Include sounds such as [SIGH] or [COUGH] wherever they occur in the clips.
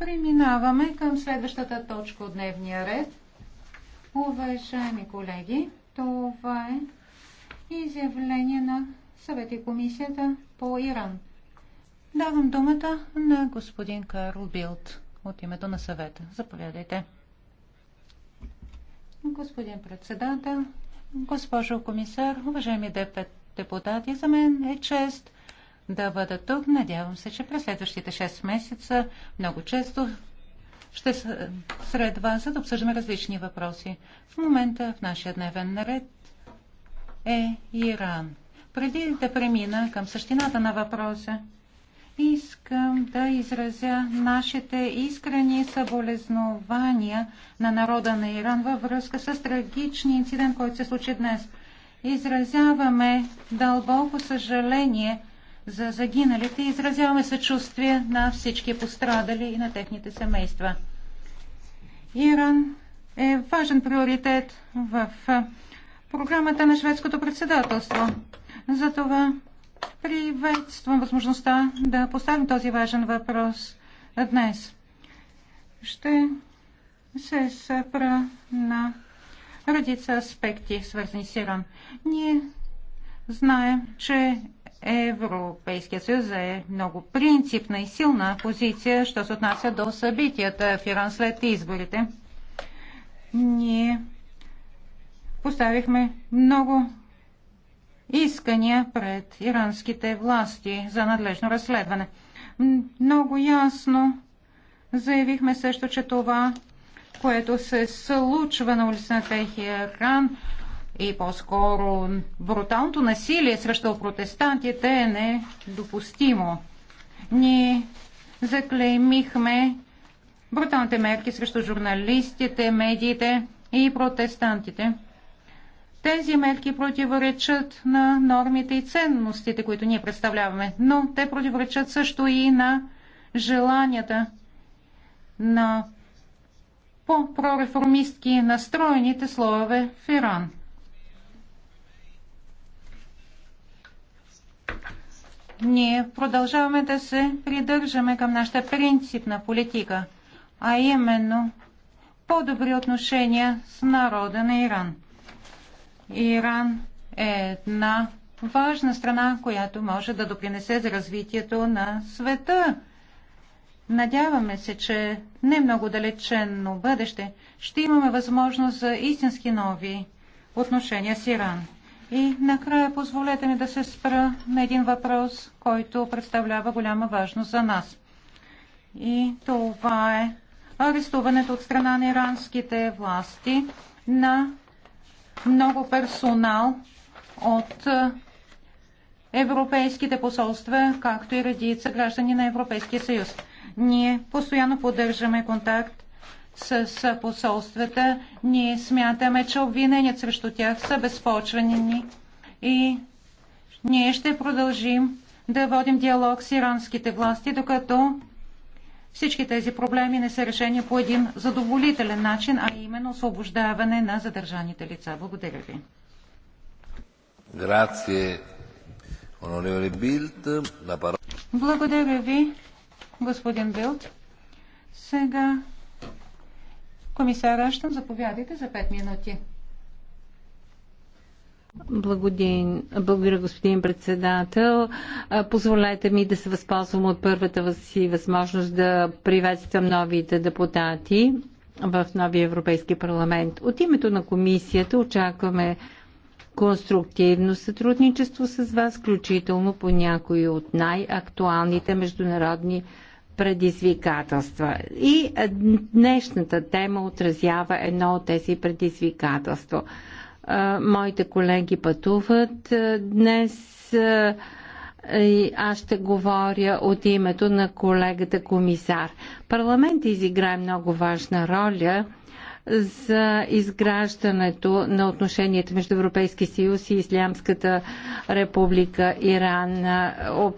Преминаваме към следващата точка от дневния ред. Уважаеми колеги, това е изявление на съвет и комисията по Иран. Давам думата на господин Карл Билт от името на съвета. Заповядайте. Господин председател, госпожо комисар, уважаеми депутати, за мен е чест – да бъда тук. Надявам се, че през следващите 6 месеца много често ще сред вас, за да обсъждаме различни въпроси. В момента в нашия дневен наред е Иран. Преди да премина към същината на въпроса, искам да изразя нашите искрени съболезнования на народа на Иран във връзка с трагичния инцидент, който се случи днес. Изразяваме дълбоко съжаление за загиналите и изразяваме съчувствие на всички пострадали и на техните семейства. Иран е важен приоритет в програмата на шведското председателство. Затова приветствам възможността да поставим този важен въпрос днес. Ще се събра на редица аспекти, свързани с Иран. Ние знаем, че Европейския съюз е много принципна и силна позиция, що се отнася до събитията в Иран след изборите. Ние поставихме много искания пред иранските власти за надлежно разследване. Много ясно заявихме също, че това, което се случва на Техия Иран, и по-скоро бруталното насилие срещу протестантите е недопустимо. Ние заклеймихме бруталните мерки срещу журналистите, медиите и протестантите. Тези мерки противоречат на нормите и ценностите, които ние представляваме, но те противоречат също и на желанията на по-прореформистки настроените слове в Иран. ние продължаваме да се придържаме към нашата принципна политика, а именно по-добри отношения с народа на Иран. Иран е една важна страна, която може да допринесе за развитието на света. Надяваме се, че не много далечено бъдеще ще имаме възможност за истински нови отношения с Иран. И накрая позволете ми да се спра на един въпрос, който представлява голяма важност за нас. И това е арестуването от страна на иранските власти на много персонал от европейските посолства, както и редица граждани на Европейския съюз. Ние постоянно поддържаме контакт с посолствата, ние смятаме, че обвинения срещу тях са безпочвени и ние ще продължим да водим диалог с иранските власти, докато всички тези проблеми не са решени по един задоволителен начин, а именно освобождаване на задържаните лица. Благодаря ви. Благодаря ви, господин Билд. Сега Комисар Раштан, заповядайте за 5 минути. Благодаря, благодаря, господин председател. Позволете ми да се възползвам от първата си възможност да приветствам новите депутати в новия Европейски парламент. От името на комисията очакваме конструктивно сътрудничество с вас, включително по някои от най-актуалните международни предизвикателства. И днешната тема отразява едно от тези предизвикателства. Моите колеги пътуват днес. Аз ще говоря от името на колегата комисар. Парламент изиграе много важна роля за изграждането на отношенията между Европейски съюз и Ислямската република Иран. Об...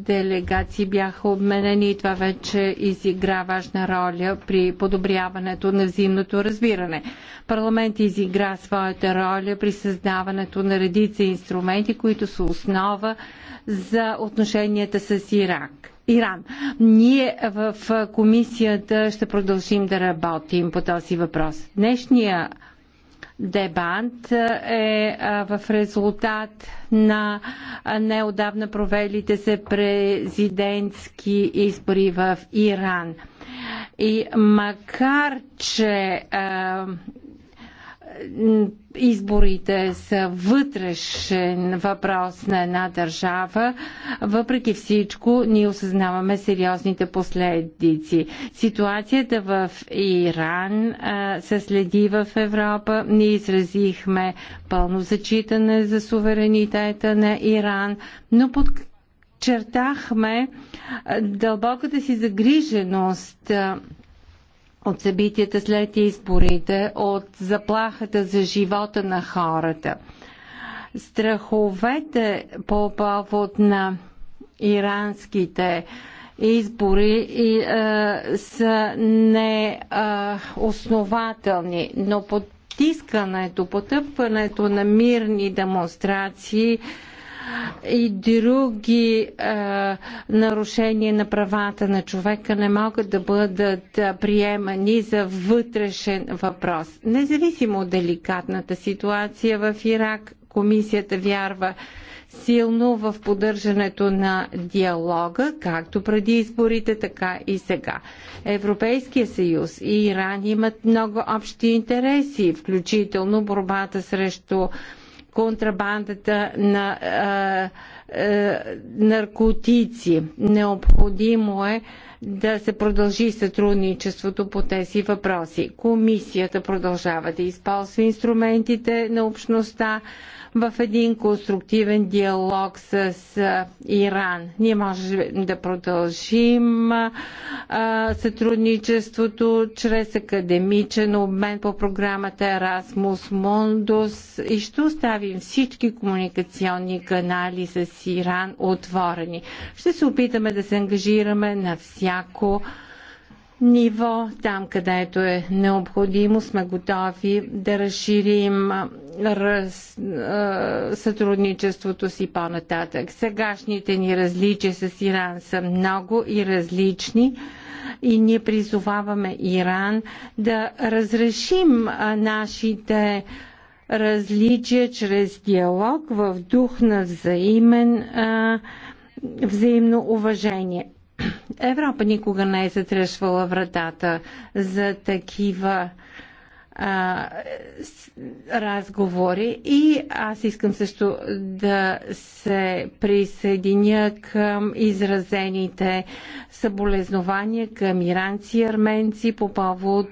Делегации бяха обменени и това вече изигра важна роля при подобряването на взаимното разбиране. Парламент изигра своята роля при създаването на редица инструменти, които са основа за отношенията с Ирак. Иран. Ние в комисията ще продължим да работим по този въпрос. Днешния дебант е в резултат на неодавна провелите се президентски избори в Иран. И макар, че изборите са вътрешен въпрос на една държава, въпреки всичко ние осъзнаваме сериозните последици. Ситуацията в Иран се следи в Европа. Ние изразихме пълно зачитане за суверенитета на Иран, но под чертахме дълбоката си загриженост от събитията след изборите, от заплахата за живота на хората. Страховете по повод на иранските избори и, а, са неоснователни, но потискането, потъпването на мирни демонстрации и други а, нарушения на правата на човека не могат да бъдат приемани за вътрешен въпрос. Независимо от деликатната ситуация в Ирак, комисията вярва силно в поддържането на диалога, както преди изборите, така и сега. Европейския съюз и Иран имат много общи интереси, включително борбата срещу контрабандата на а, а, наркотици. Необходимо е да се продължи сътрудничеството по тези въпроси. Комисията продължава да използва инструментите на общността в един конструктивен диалог с Иран. Ние можем да продължим сътрудничеството чрез академичен обмен по програмата Erasmus Mundus и ще оставим всички комуникационни канали с Иран отворени. Ще се опитаме да се ангажираме на всяка мляко, ниво, там където е необходимо, сме готови да разширим раз, сътрудничеството си по-нататък. Сегашните ни различия с Иран са много и различни и ние призоваваме Иран да разрешим нашите различия чрез диалог в дух на взаимен, взаимно уважение. Европа никога не е затръшвала вратата за такива а, разговори и аз искам също да се присъединя към изразените съболезнования към иранци и арменци по повод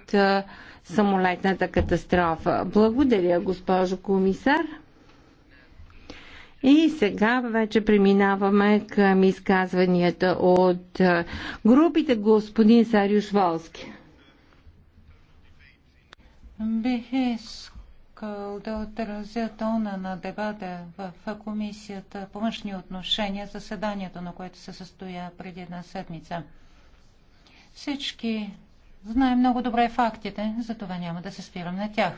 самолетната катастрофа. Благодаря, госпожо комисар. И сега вече преминаваме към изказванията от е, групите господин Сариуш Волски. Бих искал да отразя тона на дебата в Комисията по външни отношения, заседанието на което се състоя преди една седмица. Всички знаем много добре фактите, затова няма да се спирам на тях.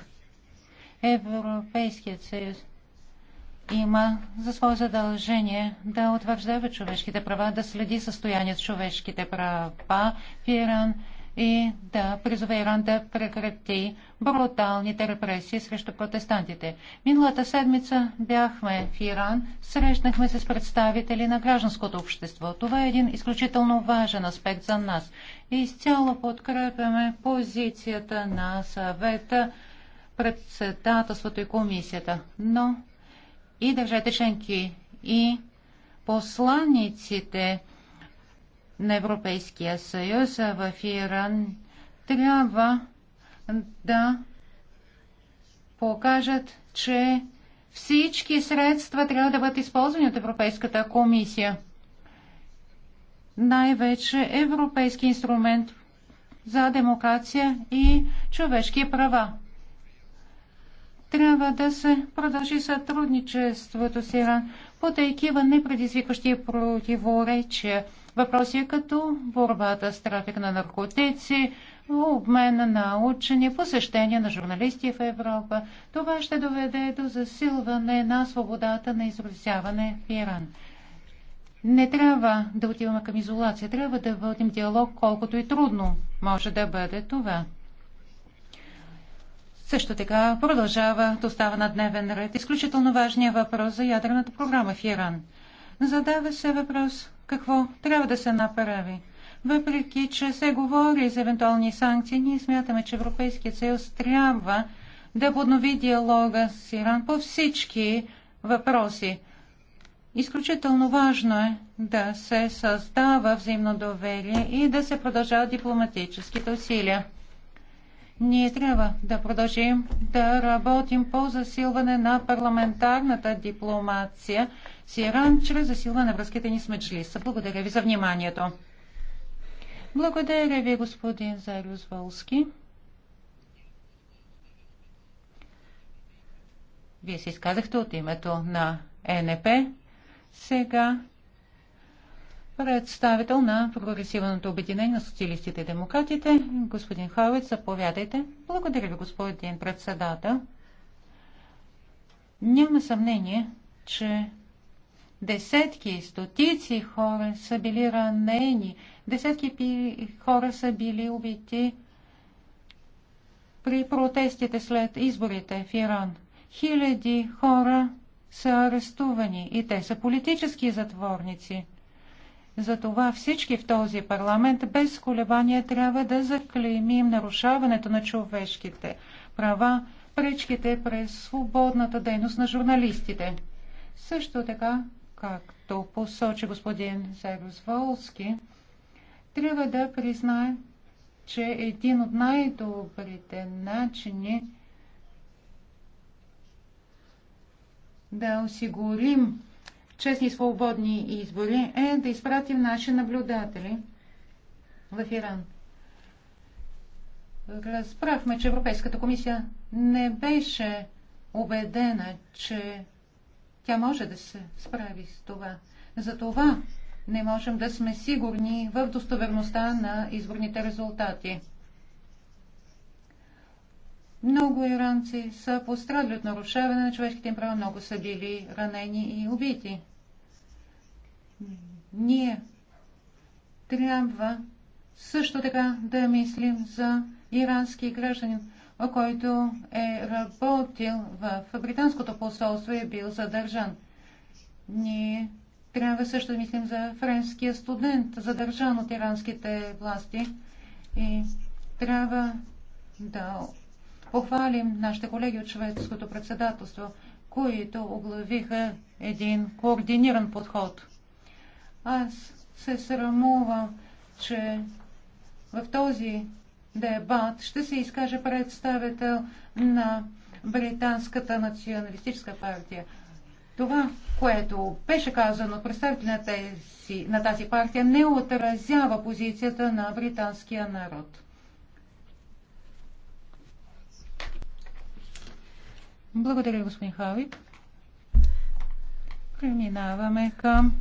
Европейският съюз има за свое задължение да утвърждава човешките права, да следи състоянието с човешките права в Иран и да призове Иран да прекрати бруталните репресии срещу протестантите. Миналата седмица бяхме в Иран, срещнахме се с представители на гражданското общество. Това е един изключително важен аспект за нас. И изцяло подкрепяме позицията на съвета, председателството и комисията. Но и държавите членки и посланиците на Европейския съюз в Иран трябва да покажат, че всички средства трябва да бъдат използвани от Европейската комисия. Най-вече Европейски инструмент за демокрация и човешки права трябва да се продължи сътрудничеството с Иран по такива непредизвикващи противоречия. Въпроси е като борбата с трафик на наркотици, обмена на учени, посещения на журналисти в Европа. Това ще доведе до засилване на свободата на изразяване в Иран. Не трябва да отиваме към изолация, трябва да водим диалог, колкото и трудно може да бъде това. Също така продължава да остава на дневен ред изключително важния въпрос за ядрената програма в Иран. Задава се въпрос какво трябва да се направи. Въпреки, че се говори за евентуални санкции, ние смятаме, че Европейският съюз трябва да поднови диалога с Иран по всички въпроси. Изключително важно е да се създава взаимно доверие и да се продължават дипломатическите усилия. Ние трябва да продължим да работим по засилване на парламентарната дипломация с Иран чрез засилване на връзките ни с Меджлиса. Благодаря ви за вниманието. Благодаря ви, господин Зариус Волски. Вие се изказахте от името на ЕНП. Сега представител на Прогресивното обединение на социалистите и демократите. Господин Хауит, заповядайте. Благодаря ви, господин председател. Няма съмнение, че десетки, стотици хора са били ранени, десетки хора са били убити при протестите след изборите в Иран. Хиляди хора са арестувани и те са политически затворници – затова всички в този парламент без колебания трябва да заклеймим нарушаването на човешките права, пречките през свободната дейност на журналистите. Също така, както посочи господин Зайрус Волски, трябва да признае, че един от най-добрите начини да осигурим честни и свободни избори е да изпратим наши наблюдатели в Иран. Разбрахме, че Европейската комисия не беше убедена, че тя може да се справи с това. Затова не можем да сме сигурни в достоверността на изборните резултати. Много иранци са пострадали от нарушаване на човешките им права, много са били ранени и убити. Ние трябва също така да мислим за ирански гражданин, който е работил в британското посолство и е бил задържан. Ние трябва също да мислим за френския студент, задържан от иранските власти. И трябва да похвалим нашите колеги от шведското председателство, които оглавиха един координиран подход – аз се срамувам, че в този дебат ще се изкаже представител на Британската националистическа партия. Това, което беше казано от представител на тази, на тази партия, не отразява позицията на британския народ. Благодаря, господин Хавик. Преминаваме към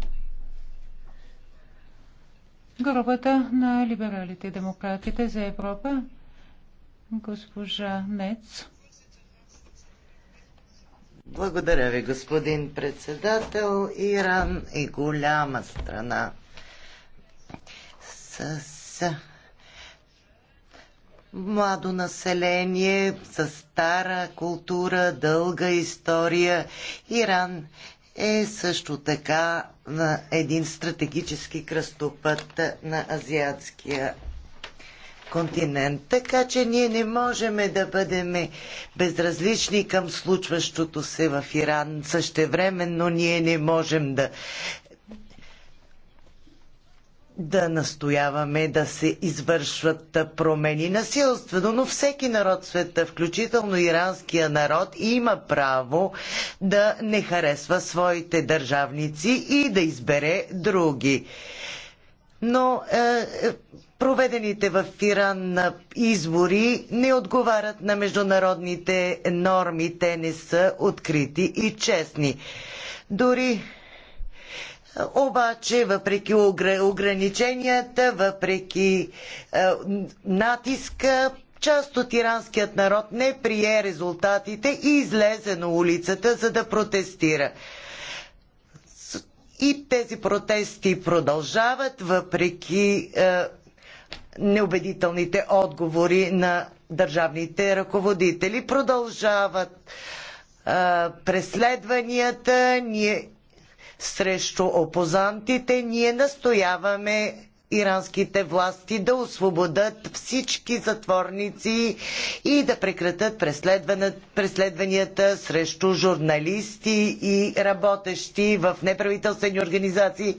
групата на либералите и демократите за Европа, госпожа Нец. Благодаря ви, господин председател. Иран е голяма страна с младо население, с стара култура, дълга история. Иран е също така на един стратегически кръстопът на азиатския континент. Така че ние не можем да бъдем безразлични към случващото се в Иран. Същевременно ние не можем да да настояваме да се извършват промени насилствено, но всеки народ в света, включително иранския народ, има право да не харесва своите държавници и да избере други. Но е, е проведените в Иран избори не отговарят на международните норми, те не са открити и честни. Дори обаче, въпреки ограниченията, въпреки е, натиска, част от иранският народ не прие резултатите и излезе на улицата, за да протестира. И тези протести продължават, въпреки е, неубедителните отговори на държавните ръководители. Продължават е, преследванията. Ние срещу опозантите, ние настояваме иранските власти да освободят всички затворници и да прекратят преследванията срещу журналисти и работещи в неправителствени организации,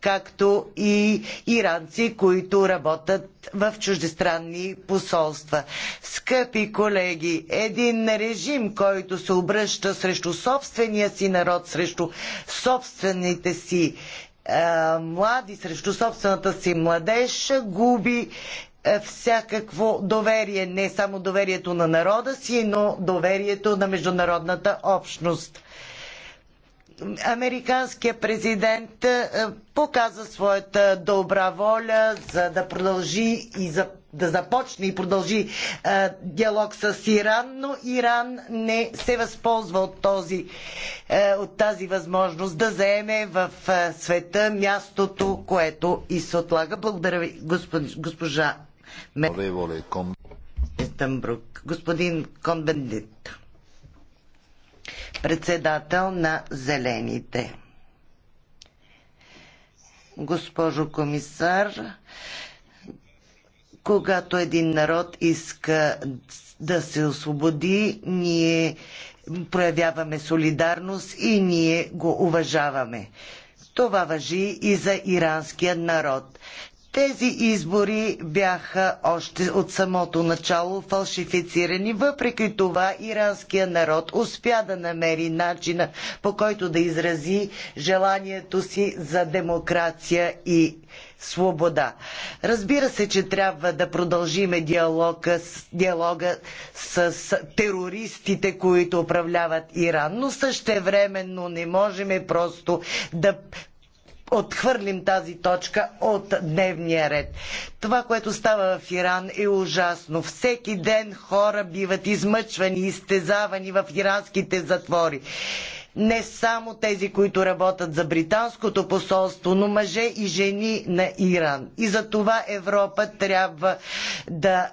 както и иранци, които работят в чуждестранни посолства. Скъпи колеги, един режим, който се обръща срещу собствения си народ, срещу собствените си е, млади срещу собствената си младеж губи е, всякакво доверие, не само доверието на народа си, но доверието на международната общност. Американският президент е, показа своята добра воля, за да продължи и за да започне и продължи а, е, диалог с Иран, но Иран не се възползва от, този, а, е, от тази възможност да заеме в а, е, света мястото, което и се отлага. Благодаря ви, госпожа, госпожа Господин Конбендит, председател на Зелените. Госпожо комисар, когато един народ иска да се освободи, ние проявяваме солидарност и ние го уважаваме. Това въжи и за иранския народ. Тези избори бяха още от самото начало фалшифицирани. Въпреки това, иранския народ успя да намери начина по който да изрази желанието си за демокрация и свобода. Разбира се, че трябва да продължиме диалога с, диалога с терористите, които управляват Иран, но същевременно не можем просто да отхвърлим тази точка от дневния ред. Това, което става в Иран е ужасно. Всеки ден хора биват измъчвани, изтезавани в иранските затвори не само тези, които работят за британското посолство, но мъже и жени на Иран. И за това Европа трябва да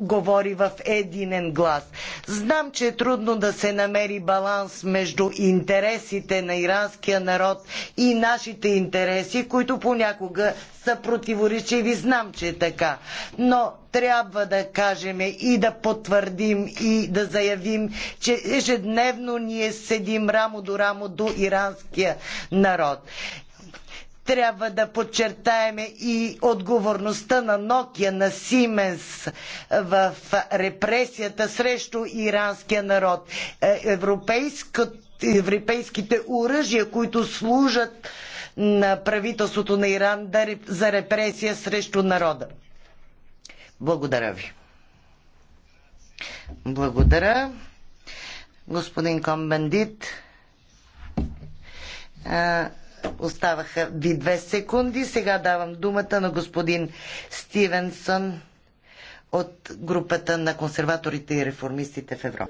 говори в единен глас. Знам, че е трудно да се намери баланс между интересите на иранския народ и нашите интереси, които понякога са противоречиви. Знам, че е така. Но трябва да кажем и да потвърдим и да заявим, че ежедневно ние седим рамо до рамо до иранския народ трябва да подчертаем и отговорността на Нокия на Сименс в репресията срещу иранския народ. Е, европейските оръжия, които служат на правителството на Иран за репресия срещу народа. Благодаря ви. Благодаря. Господин Комбендит, е, Оставаха ви две секунди. Сега давам думата на господин Стивенсън от групата на консерваторите и реформистите в Европа.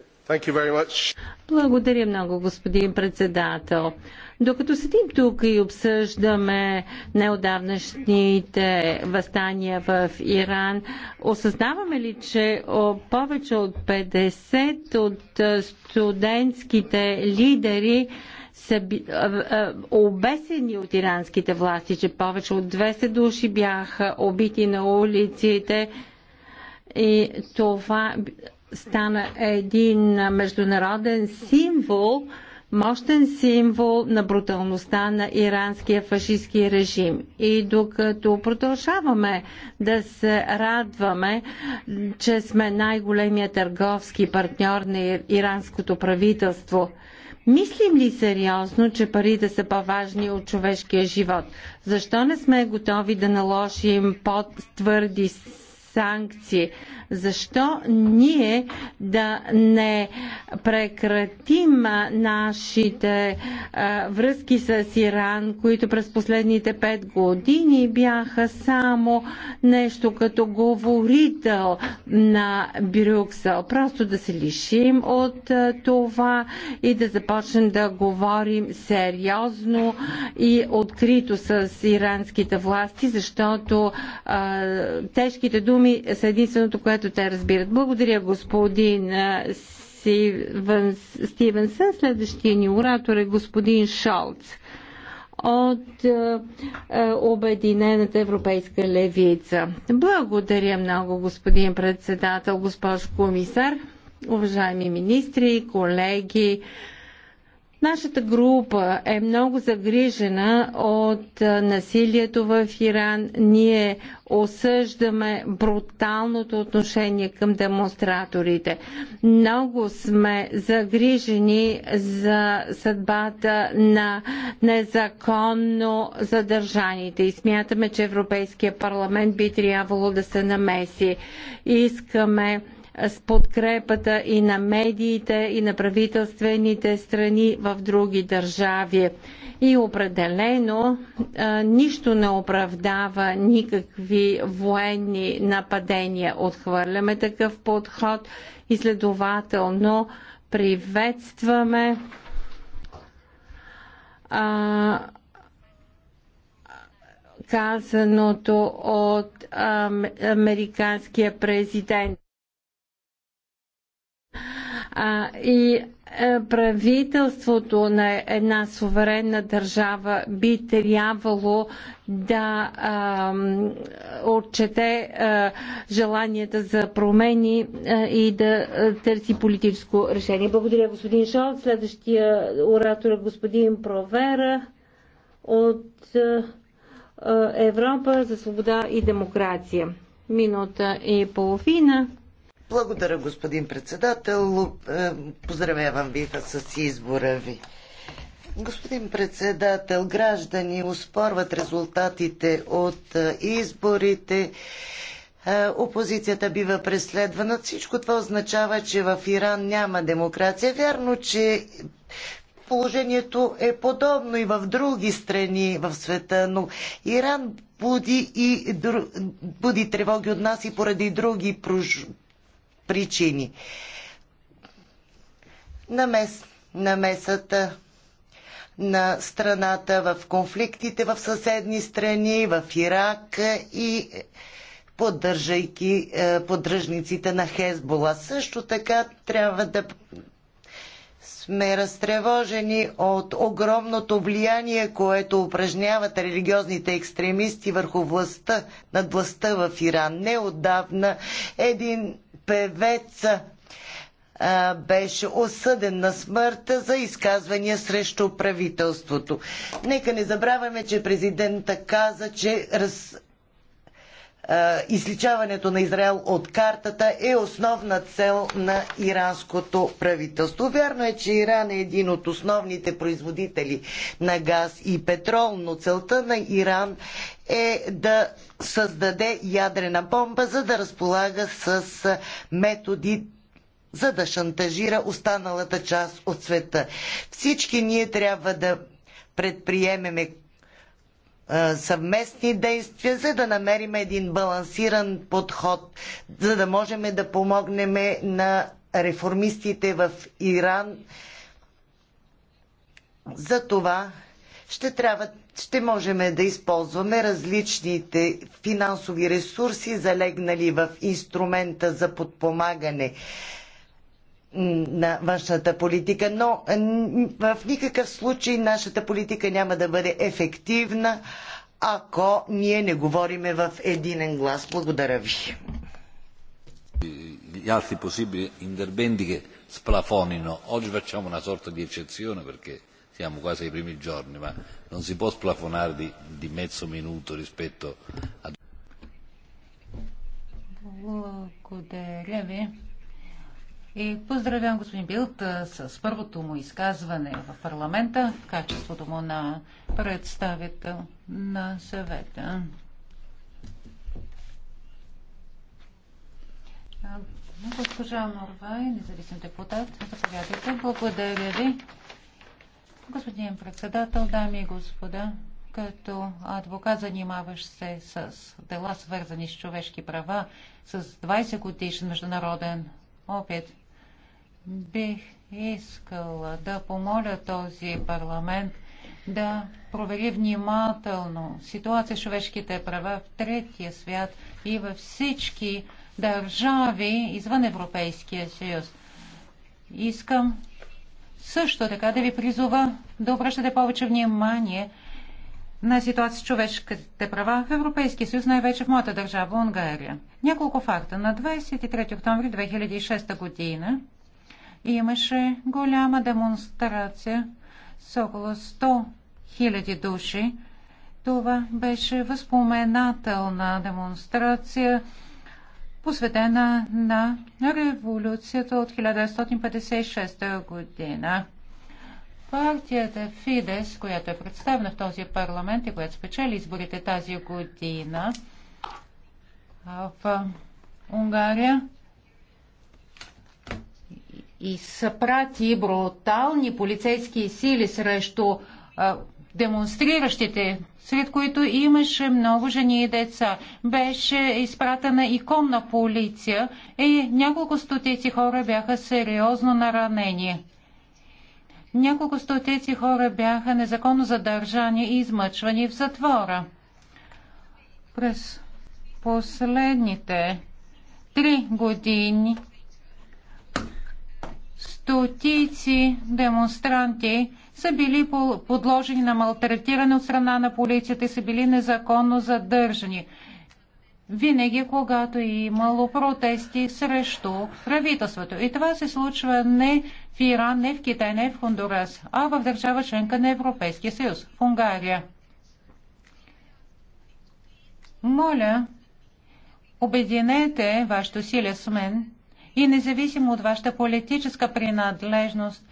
Благодаря много, господин председател. Докато седим тук и обсъждаме неодавнашните възстания в Иран, осъзнаваме ли, че повече от 50 от студентските лидери са би обесени от иранските власти, че повече от 200 души бяха убити на улиците и това стана един международен символ, мощен символ на бруталността на иранския фашистски режим. И докато продължаваме да се радваме, че сме най-големия търговски партньор на иранското правителство, Мислим ли сериозно, че парите са по-важни от човешкия живот? Защо не сме готови да наложим по-твърди санкции? Защо ние да не прекратим нашите а, връзки с Иран, които през последните пет години бяха само нещо като говорител на Брюксел? Просто да се лишим от а, това и да започнем да говорим сериозно и открито с иранските власти, защото а, тежките думи са единственото, което което те разбират. Благодаря, господин Стивенсън. Следващия ни оратор е господин Шолц от Обединената европейска левица. Благодаря много, господин председател, госпожо комисар, уважаеми министри, колеги. Нашата група е много загрижена от насилието в Иран. Ние осъждаме бруталното отношение към демонстраторите. Много сме загрижени за съдбата на незаконно задържаните и смятаме, че Европейския парламент би трябвало да се намеси. Искаме с подкрепата и на медиите, и на правителствените страни в други държави. И определено а, нищо не оправдава никакви военни нападения. Отхвърляме такъв подход и следователно приветстваме а, казаното от а, американския президент. А, и е, правителството на една суверенна държава би трябвало да а, отчете а, е, желанията за промени а, е, и да търси политическо решение. Благодаря, господин Шол. Следващия оратор е господин Провера от а, Европа за свобода и демокрация. Минута и половина. Благодаря, господин председател. Е, поздравявам ви с избора ви. Господин председател, граждани успорват резултатите от е, изборите. Е, опозицията бива преследвана. Всичко това означава, че в Иран няма демокрация. Вярно, че положението е подобно и в други страни в света, но Иран буди, и, буди тревоги от нас и поради други причини. Намес, намесата на страната в конфликтите в съседни страни, в Ирак и поддържайки е, поддръжниците на Хезбола. Също така трябва да сме разтревожени от огромното влияние, което упражняват религиозните екстремисти върху властта, над властта в Иран. Неотдавна един певец а, беше осъден на смърт за изказвания срещу правителството. Нека не забравяме, че президента каза, че раз, е, изличаването на Израел от картата е основна цел на иранското правителство. Вярно е, че Иран е един от основните производители на газ и петрол, но целта на Иран е да създаде ядрена бомба, за да разполага с методи за да шантажира останалата част от света. Всички ние трябва да предприемеме съвместни действия, за да намерим един балансиран подход, за да можем да помогнем на реформистите в Иран. За това ще трябва, ще можем да използваме различните финансови ресурси, залегнали в инструмента за подпомагане на външната политика, но в никакъв случай нашата политика няма да бъде ефективна, ако ние не говориме в единен глас. Благодаря ви. Gli altri possibili interventi che splafonino. Oggi facciamo una sorta di eccezione perché siamo quasi ai primi giorni, ma non si può splafonare di, di mezzo minuto rispetto a. Благодаря ви. И поздравям господин Билт с първото му изказване в парламента в качеството му на представител на съвета. Госпожа Морвай, независим депутат, заповядайте. Благодаря ви. Господин председател, дами и господа, като адвокат, занимаващ се с дела, свързани с човешки права, с 20 годишен международен опит, Бих искала да помоля този парламент да провери внимателно ситуация с човешките права в третия свят и във всички държави извън Европейския съюз. Искам също така да ви призова да обръщате повече внимание на ситуация с човешките права в Европейския съюз, най-вече в моята държава Унгария. Няколко факта. На 23 октомври 2006 година имаше голяма демонстрация с около 100 000 души. Това беше възпоменателна демонстрация, посветена на революцията от 1956 година. Партията Фидес, която е представена в този парламент и която спечели изборите тази година в Унгария, изпрати брутални полицейски сили срещу а, демонстриращите, сред които имаше много жени и деца. Беше изпратена иконна полиция и няколко стотици хора бяха сериозно наранени. Няколко стотици хора бяха незаконно задържани и измъчвани в затвора. През последните три години стотици демонстранти са били подложени на малтретиране от страна на полицията и са били незаконно задържани. Винаги, когато е имало протести срещу правителството. И това се случва не в Иран, не в Китай, не в Хондурас, а в държава членка на Европейския съюз, в Унгария. Моля, обединете вашето силе с мен и независимо от вашата политическа принадлежност,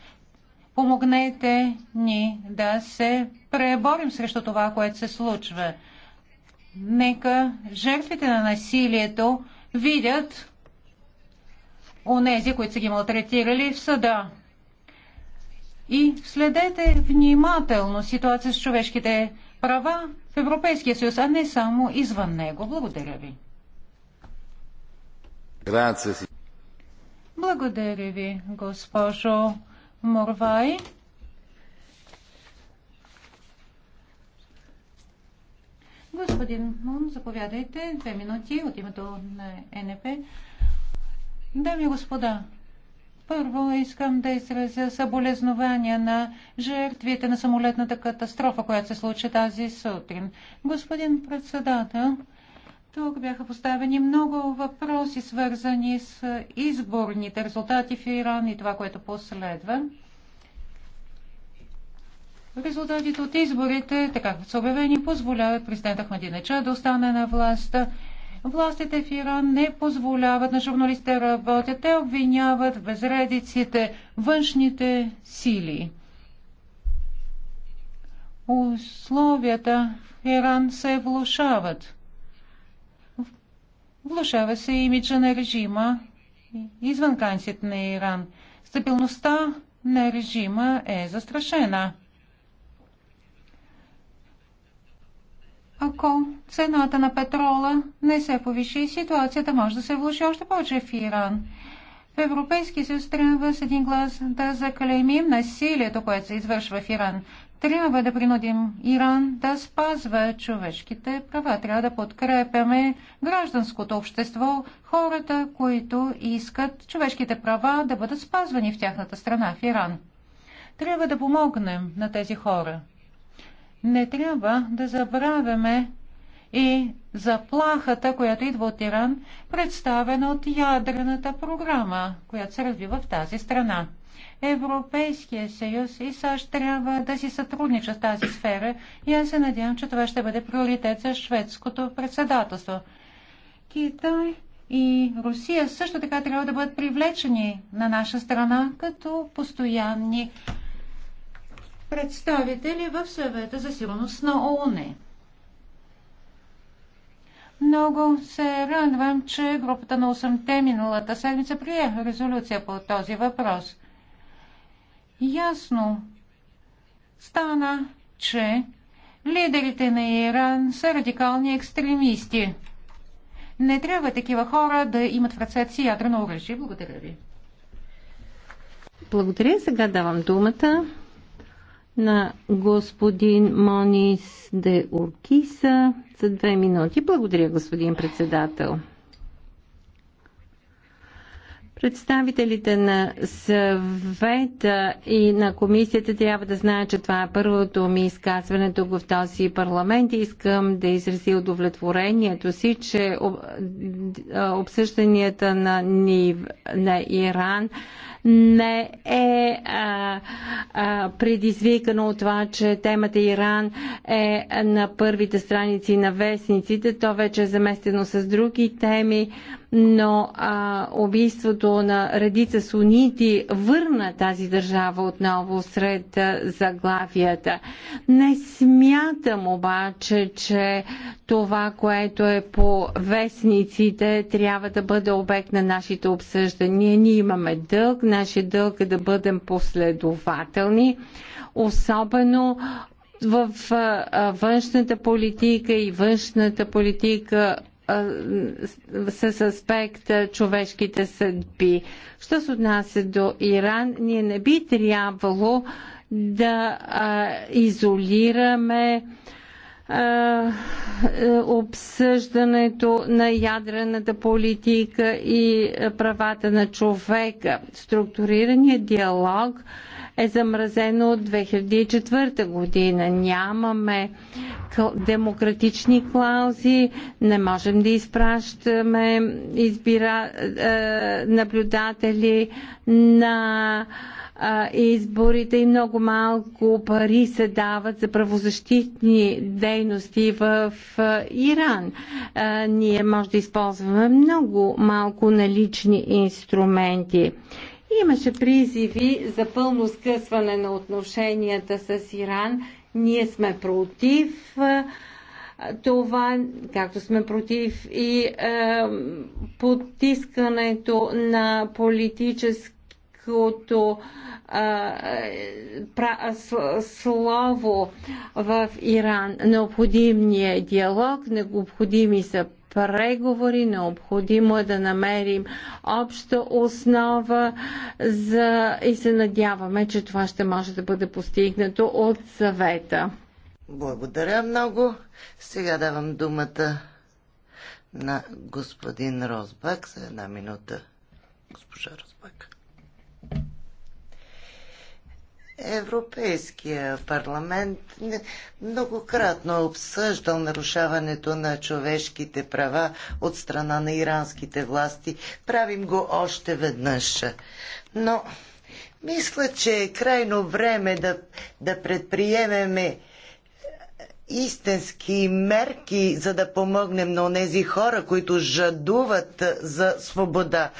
помогнете ни да се преборим срещу това, което се случва. Нека жертвите на насилието видят онези, които са ги малтретирали в съда. И следете внимателно ситуация с човешките права в Европейския съюз, а не само извън него. Благодаря ви. Благодаря ви, госпожо Морвай. Господин Мун, заповядайте. Две минути от името на НП. Дами и господа, първо искам да изразя съболезнования на жертвите на самолетната катастрофа, която се случи тази сутрин. Господин председател, тук бяха поставени много въпроси, свързани с изборните резултати в Иран и това, което последва. Резултатите от изборите, така са обявени, позволяват президента Хмадинеча да остане на власт. Властите в Иран не позволяват на журналистите да работят. Те обвиняват безредиците външните сили. Условията в Иран се влушават. Влушава се имиджа на режима извън границите на Иран. Стабилността на режима е застрашена. Ако цената на петрола не се повиши, ситуацията може да се влуши още повече в Иран. В Европейски съюз трябва с един глас да заклеймим насилието, което се извършва в Иран. Трябва да принудим Иран да спазва човешките права. Трябва да подкрепяме гражданското общество, хората, които искат човешките права да бъдат спазвани в тяхната страна, в Иран. Трябва да помогнем на тези хора. Не трябва да забравяме и заплахата, която идва от Иран, представена от ядрената програма, която се развива в тази страна. Европейския съюз и САЩ трябва да си сътрудничат в тази сфера и аз се надявам, че това ще бъде приоритет за шведското председателство. Китай и Русия също така трябва да бъдат привлечени на наша страна като постоянни представители в съвета за сигурност на ООН. Много се радвам, че групата на 8-те миналата седмица приеха резолюция по този въпрос ясно стана, че лидерите на Иран са радикални екстремисти. Не трябва такива хора да имат в ръцете си ядрено оръжие. Благодаря ви. Благодаря. Сега давам думата на господин Монис де Уркиса за две минути. Благодаря, господин председател. Представителите на съвета и на комисията трябва да знаят, че това е първото ми изказване тук в този парламент и искам да изрази удовлетворението си, че обсъжданията на, НИВ, на Иран не е а, а, предизвикано от това, че темата Иран е на първите страници на вестниците. То вече е заместено с други теми но а, убийството на редица сунити върна тази държава отново сред а, заглавията. Не смятам обаче, че това, което е по вестниците, трябва да бъде обект на нашите обсъждания. Ние имаме дълг, нашия дълг е да бъдем последователни, особено в външната политика и външната политика с аспект човешките съдби. Що се отнася до Иран, ние не би трябвало да а, изолираме а, обсъждането на ядрената политика и правата на човека. Структурираният диалог а, е замразено от 2004 година. Нямаме демократични клаузи, не можем да изпращаме избира, е, наблюдатели на е, изборите и много малко пари се дават за правозащитни дейности в е, Иран. Е, ние може да използваме много малко налични инструменти. Имаше призиви за пълно скъсване на отношенията с Иран. Ние сме против това, както сме против и е, потискането на политическото е, пра, слово в Иран. Необходим ни е диалог, необходими са преговори. Необходимо е да намерим обща основа за... и се надяваме, че това ще може да бъде постигнато от съвета. Благодаря много. Сега давам думата на господин Розбак за една минута. Госпожа Розбак. Европейския парламент многократно е обсъждал нарушаването на човешките права от страна на иранските власти. Правим го още веднъж. Но мисля, че е крайно време да, да предприемеме истински мерки, за да помогнем на онези хора, които жадуват за свобода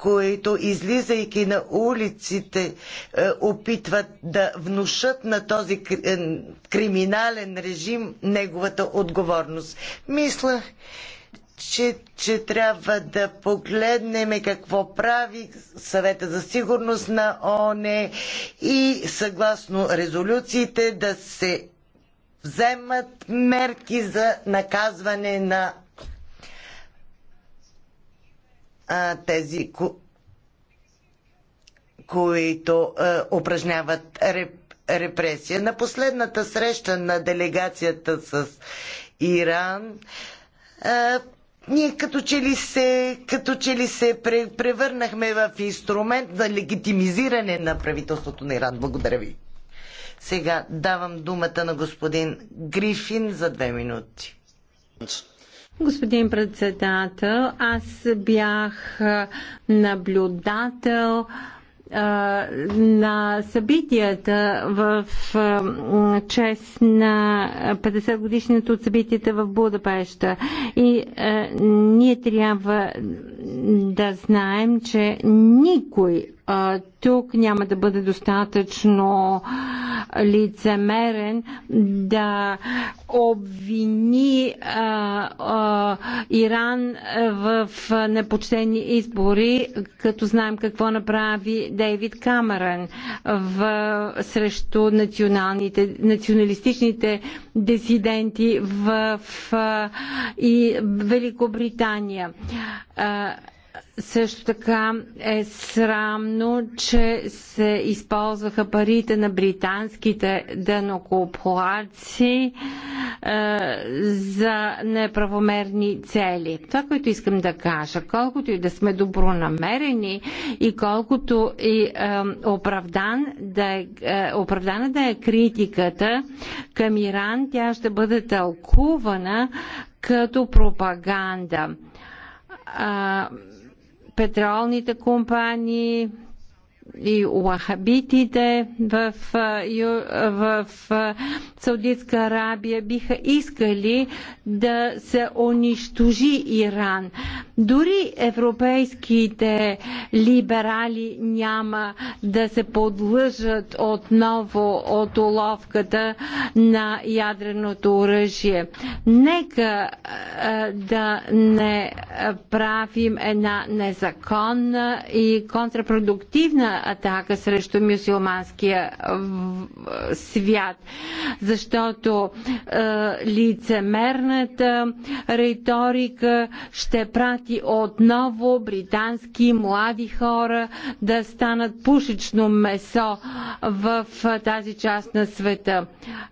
които, излизайки на улиците, е, опитват да внушат на този е, криминален режим неговата отговорност. Мисля, че, че трябва да погледнем какво прави съвета за сигурност на ОНЕ и съгласно резолюциите да се вземат мерки за наказване на а, тези, ко... които а, упражняват реп... репресия. На последната среща на делегацията с Иран а, ние като че ли се, като че ли се превърнахме в инструмент за легитимизиране на правителството на Иран. Благодаря ви. Сега давам думата на господин Грифин за две минути. Господин председател, аз бях наблюдател на събитията в чест на 50 годишнината от събитията в Будапешта. И е, ние трябва да знаем, че никой тук няма да бъде достатъчно лицемерен да обвини а, а, Иран в непочтени избори, като знаем какво направи Дейвид Камерън в, срещу националните, националистичните дисиденти в, в и Великобритания. А, също така е срамно, че се използваха парите на британските денокоплаци е, за неправомерни цели. Това, което искам да кажа, колкото и да сме добронамерени и колкото и е, оправдан да е, е, оправдана да е критиката към Иран, тя ще бъде тълкувана като пропаганда. Е, петролните компании, и уахабитите в, в, в Саудитска Арабия биха искали да се унищожи Иран. Дори европейските либерали няма да се подлъжат отново от уловката на ядреното оръжие. Нека да не правим една незаконна и контрапродуктивна атака срещу мюсюлманския свят, защото е, лицемерната риторика ще прати отново британски млади хора да станат пушечно месо в тази част на света.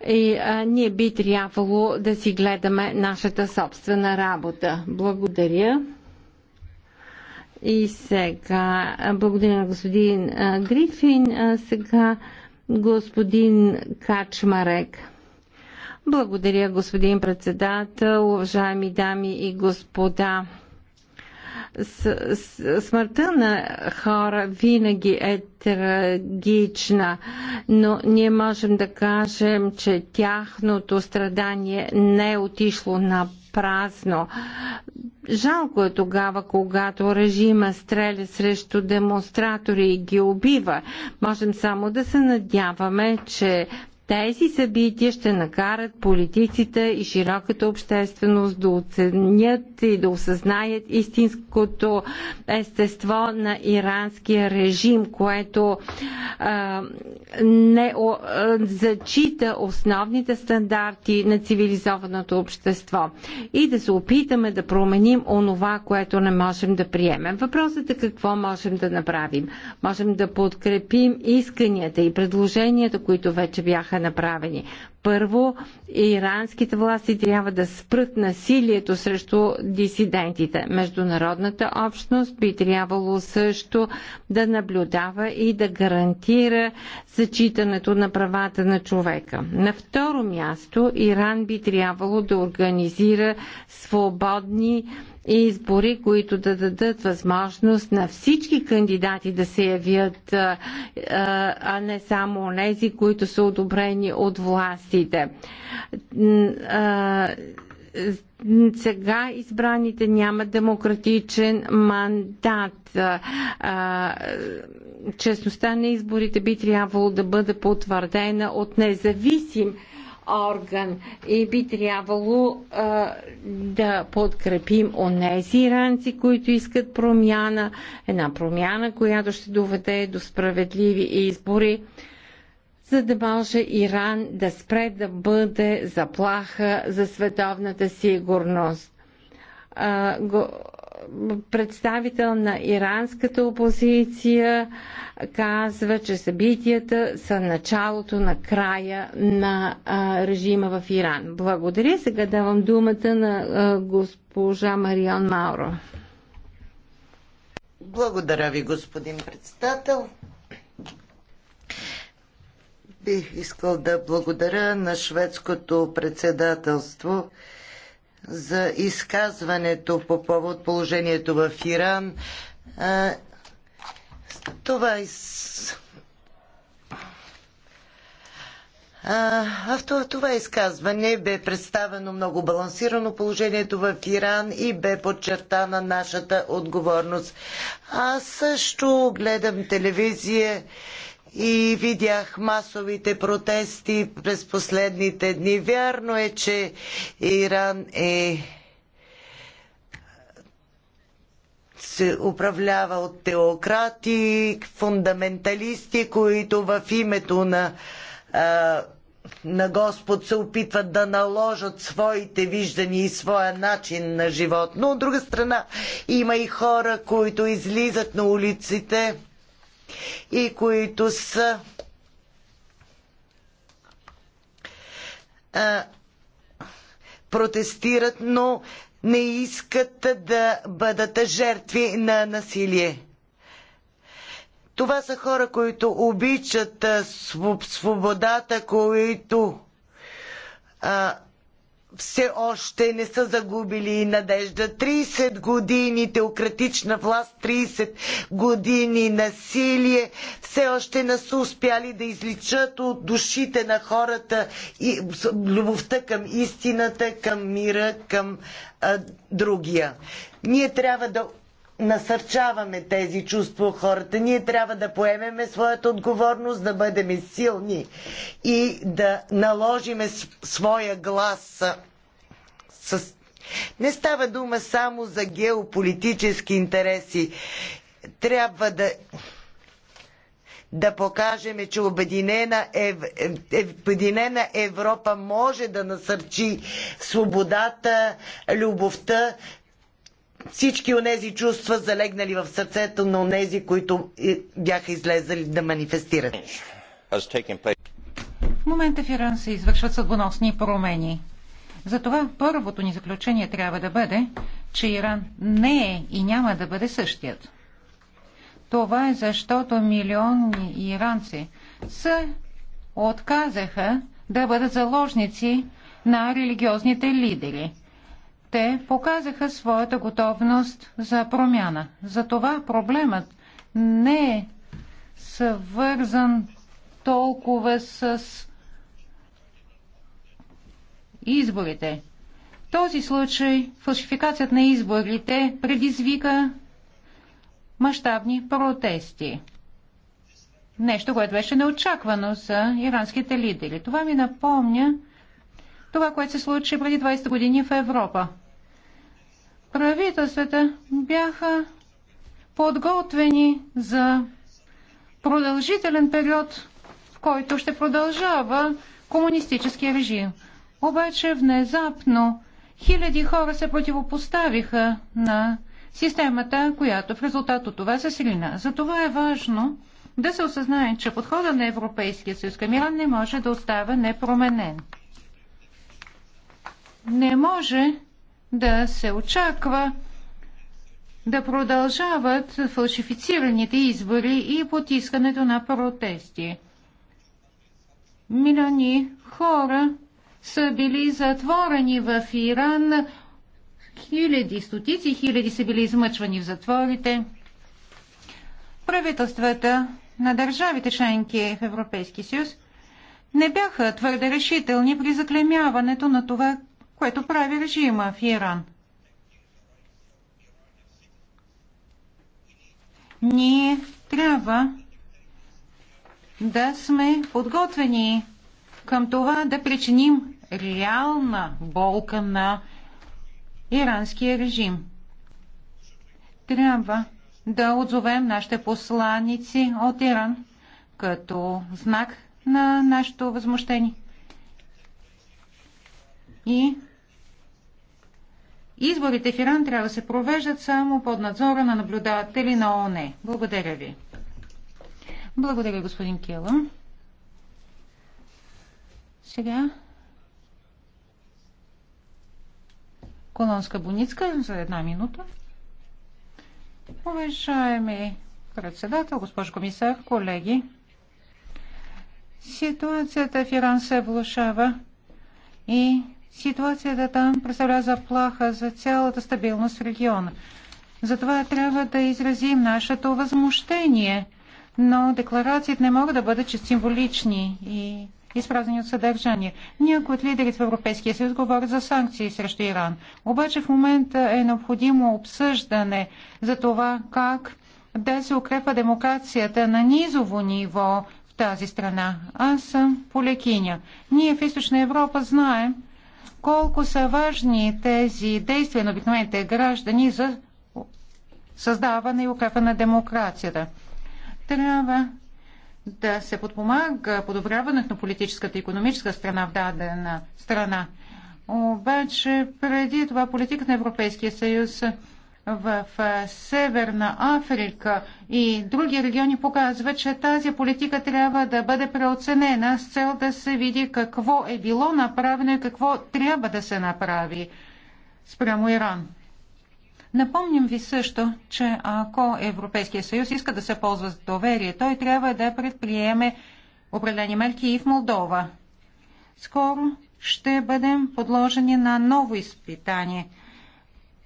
И е, ние би трябвало да си гледаме нашата собствена работа. Благодаря. И сега, благодаря на господин Грифин, сега господин Качмарек. Благодаря, господин председател, уважаеми дами и господа. С, с, смъртта на хора винаги е трагична, но ние можем да кажем, че тяхното страдание не е отишло на празно. Жалко е тогава, когато режима стреля срещу демонстратори и ги убива. Можем само да се надяваме, че тези събития ще накарат политиците и широката общественост да оценят и да осъзнаят истинското естество на иранския режим, което а, не а, зачита основните стандарти на цивилизованото общество и да се опитаме да променим онова, което не можем да приемем. Въпросът е какво можем да направим. Можем да подкрепим исканията и предложенията, които вече бяха бяха направени. Първо, иранските власти трябва да спрат насилието срещу дисидентите. Международната общност би трябвало също да наблюдава и да гарантира зачитането на правата на човека. На второ място, Иран би трябвало да организира свободни избори, които да дадат възможност на всички кандидати да се явят, а не само онези, които са одобрени от власт ценностите. Сега избраните няма демократичен мандат. Честността на изборите би трябвало да бъде потвърдена от независим орган и би трябвало а, да подкрепим онези иранци, които искат промяна, една промяна, която ще доведе до справедливи избори за да може Иран да спре да бъде заплаха за световната сигурност. Представител на иранската опозиция казва, че събитията са началото на края на режима в Иран. Благодаря. Сега давам думата на госпожа Марион Мауро. Благодаря ви, господин председател. Бих искал да благодаря на шведското председателство за изказването по повод положението в Иран. Това из... А, това изказване бе представено много балансирано положението в Иран и бе подчертана нашата отговорност. Аз също гледам телевизия и видях масовите протести през последните дни. Вярно е, че Иран е се управлява от теократи, фундаменталисти, които в името на, а, на Господ се опитват да наложат своите виждания и своя начин на живот. Но от друга страна има и хора, които излизат на улиците и които са а, протестират, но не искат да бъдат жертви на насилие. Това са хора, които обичат свободата, които а, все още не са загубили надежда. 30 години теократична власт, 30 години насилие, все още не са успяли да изличат от душите на хората и любовта към истината, към мира, към а, другия. Ние трябва да насърчаваме тези чувства у хората. Ние трябва да поемеме своята отговорност, да бъдем силни и да наложиме своя глас с не става дума само за геополитически интереси. Трябва да, да покажем, че Обединена, Ев, Обединена Европа може да насърчи свободата, любовта, всички онези чувства, залегнали в сърцето на онези, които бяха излезали да манифестират. В момента в Иран се извършват съдбоносни промени. Затова първото ни заключение трябва да бъде, че Иран не е и няма да бъде същият. Това е защото милиони иранци се отказаха да бъдат заложници на религиозните лидери – те показаха своята готовност за промяна. Затова проблемът не е свързан толкова с изборите. В този случай фалшификацията на изборите предизвика мащабни протести. Нещо, което беше неочаквано за иранските лидери. Това ми напомня това, което се случи преди 20 години в Европа. Правителствата бяха подготвени за продължителен период, в който ще продължава комунистическия режим. Обаче внезапно хиляди хора се противопоставиха на системата, която в резултат от това се силина. Затова е важно да се осъзнае, че подхода на Европейския съюз към Иран не може да остава непроменен. Не може да се очаква да продължават фалшифицираните избори и потискането на протести. Милиони хора са били затворени в Иран, хиляди, стотици хиляди са били измъчвани в затворите. Правителствата на държавите членки в Европейски съюз не бяха твърде решителни при заклемяването на това което прави режима в Иран. Ние трябва да сме подготвени към това да причиним реална болка на иранския режим. Трябва да отзовем нашите посланици от Иран като знак на нашето възмущение. И Изборите в Иран трябва да се провеждат само под надзора на наблюдатели на ООН. Благодаря ви. Благодаря, господин Келъм. Сега Колонска Буницка за една минута. Уважаеми председател, госпожо комисар, колеги, ситуацията в Иран се влушава и Ситуацията там представлява заплаха за цялата стабилност в региона. Затова трябва да изразим нашето възмущение, но декларациите не могат да бъдат чисто символични и изпразнени от съдържание. Някои от лидерите в Европейския съюз говорят за санкции срещу Иран. Обаче в момента е необходимо обсъждане за това как да се укрепа демокрацията на низово ниво в тази страна. Аз съм полекиня. Ние в Източна Европа знаем, колко са важни тези действия на обикновените граждани за създаване и укрепа на демокрацията. Трябва да се подпомага подобряването на политическата и економическа страна в дадена страна. Обаче преди това политиката на Европейския съюз в Северна Африка и други региони показва, че тази политика трябва да бъде преоценена с цел да се види какво е било направено и какво трябва да се направи спрямо Иран. Напомним ви също, че ако Европейския съюз иска да се ползва с доверие, той трябва да предприеме определени мерки и в Молдова. Скоро ще бъдем подложени на ново изпитание –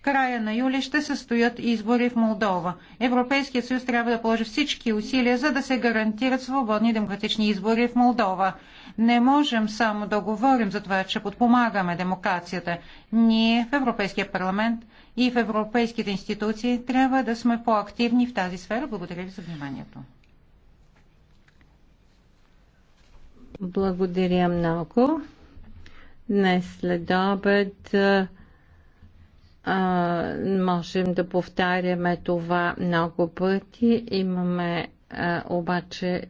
края на юли ще състоят избори в Молдова. Европейският съюз трябва да положи всички усилия, за да се гарантират свободни демократични избори в Молдова. Не можем само да говорим за това, че подпомагаме демокрацията. Ние в Европейския парламент и в европейските институции трябва да сме по-активни в тази сфера. Благодаря ви за вниманието. Благодаря много. Днес след обед а, можем да повтаряме това много пъти. Имаме а, обаче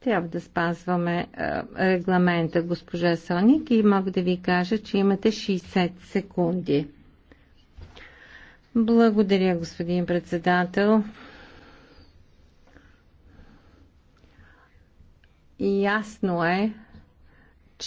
трябва да спазваме а, регламента, госпожа Соник, и мога да ви кажа, че имате 60 секунди. Благодаря, господин председател. Ясно е,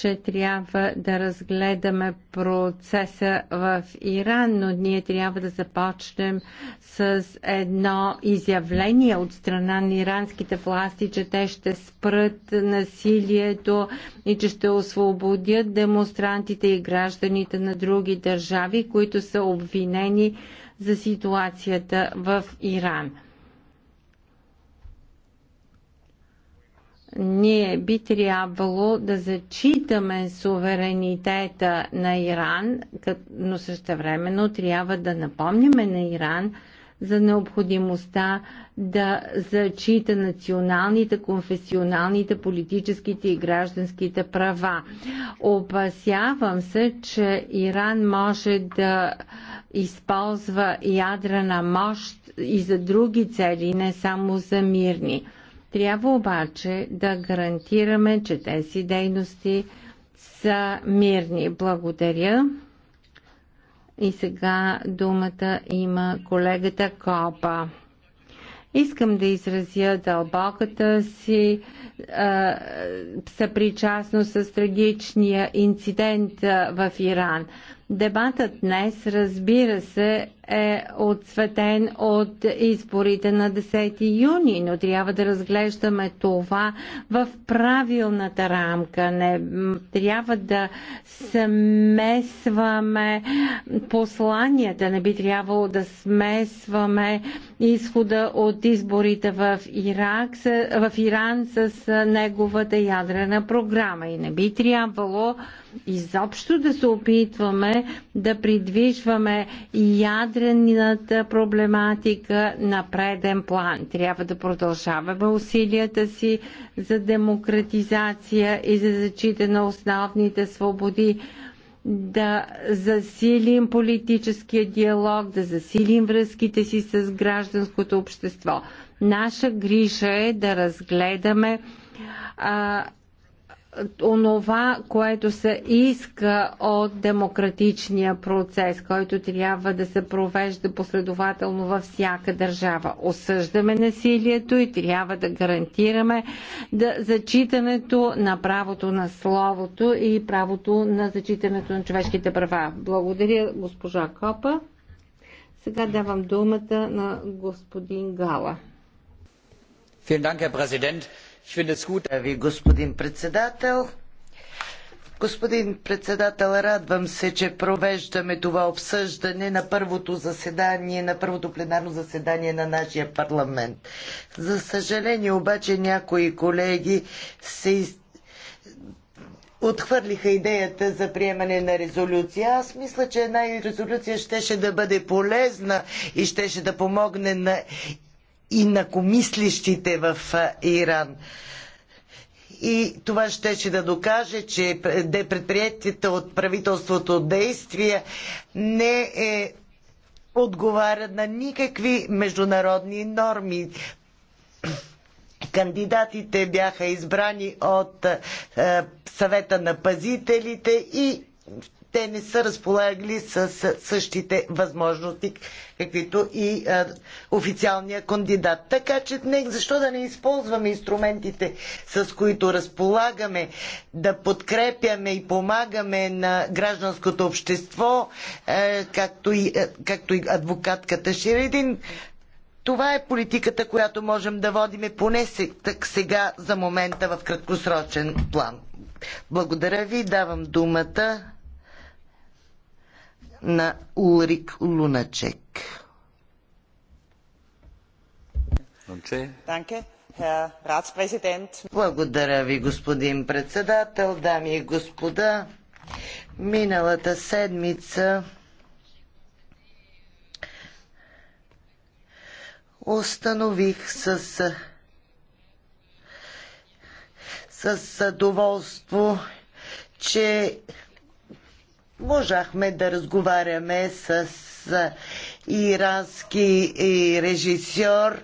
че трябва да разгледаме процеса в Иран, но ние трябва да започнем с едно изявление от страна на иранските власти, че те ще спрат насилието и че ще освободят демонстрантите и гражданите на други държави, които са обвинени за ситуацията в Иран. Ние би трябвало да зачитаме суверенитета на Иран, но същевременно трябва да напомняме на Иран, за необходимостта да зачита националните, конфесионалните, политическите и гражданските права. Опасявам се, че Иран може да използва ядрена мощ и за други цели, не само за мирни. Трябва обаче да гарантираме, че тези дейности са мирни. Благодаря. И сега думата има колегата Копа. Искам да изразя дълбоката си съпричастност с трагичния инцидент в Иран. Дебатът днес, разбира се, е отсветен от изборите на 10 юни, но трябва да разглеждаме това в правилната рамка. Не трябва да смесваме посланията, не би трябвало да смесваме изхода от изборите в, Ирак, в Иран с неговата ядрена програма. И не би трябвало изобщо да се опитваме да придвижваме ядрена ядрената проблематика на преден план. Трябва да продължаваме усилията си за демократизация и за зачита на основните свободи, да засилим политическия диалог, да засилим връзките си с гражданското общество. Наша грижа е да разгледаме а, онова, което се иска от демократичния процес, който трябва да се провежда последователно във всяка държава. Осъждаме насилието и трябва да гарантираме да зачитането на правото на словото и правото на зачитането на човешките права. Благодаря, госпожа Копа. Сега давам думата на господин Гала. Vielen Dank, Herr ви, господин председател. Господин председател, радвам се, че провеждаме това обсъждане на първото заседание, на първото пленарно заседание на нашия парламент. За съжаление обаче някои колеги се из... отхвърлиха идеята за приемане на резолюция. Аз мисля, че една резолюция щеше да бъде полезна и щеше да помогне на инакомислищите в Иран. И това щеше да докаже, че предприятията от правителството действия не е отговарят на никакви международни норми. Кандидатите бяха избрани от е, съвета на пазителите и те не са разполагали с същите възможности, каквито и а, официалния кандидат. Така че не, защо да не използваме инструментите, с които разполагаме, да подкрепяме и помагаме на гражданското общество, а, е, както, и, а, е, както и адвокатката Ширидин. Това е политиката, която можем да водиме поне сега за момента в краткосрочен план. Благодаря ви, давам думата на Улрик Луначек. Благодаря ви, господин председател, дами и господа. Миналата седмица установих с с задоволство, че можахме да разговаряме с ирански режисьор,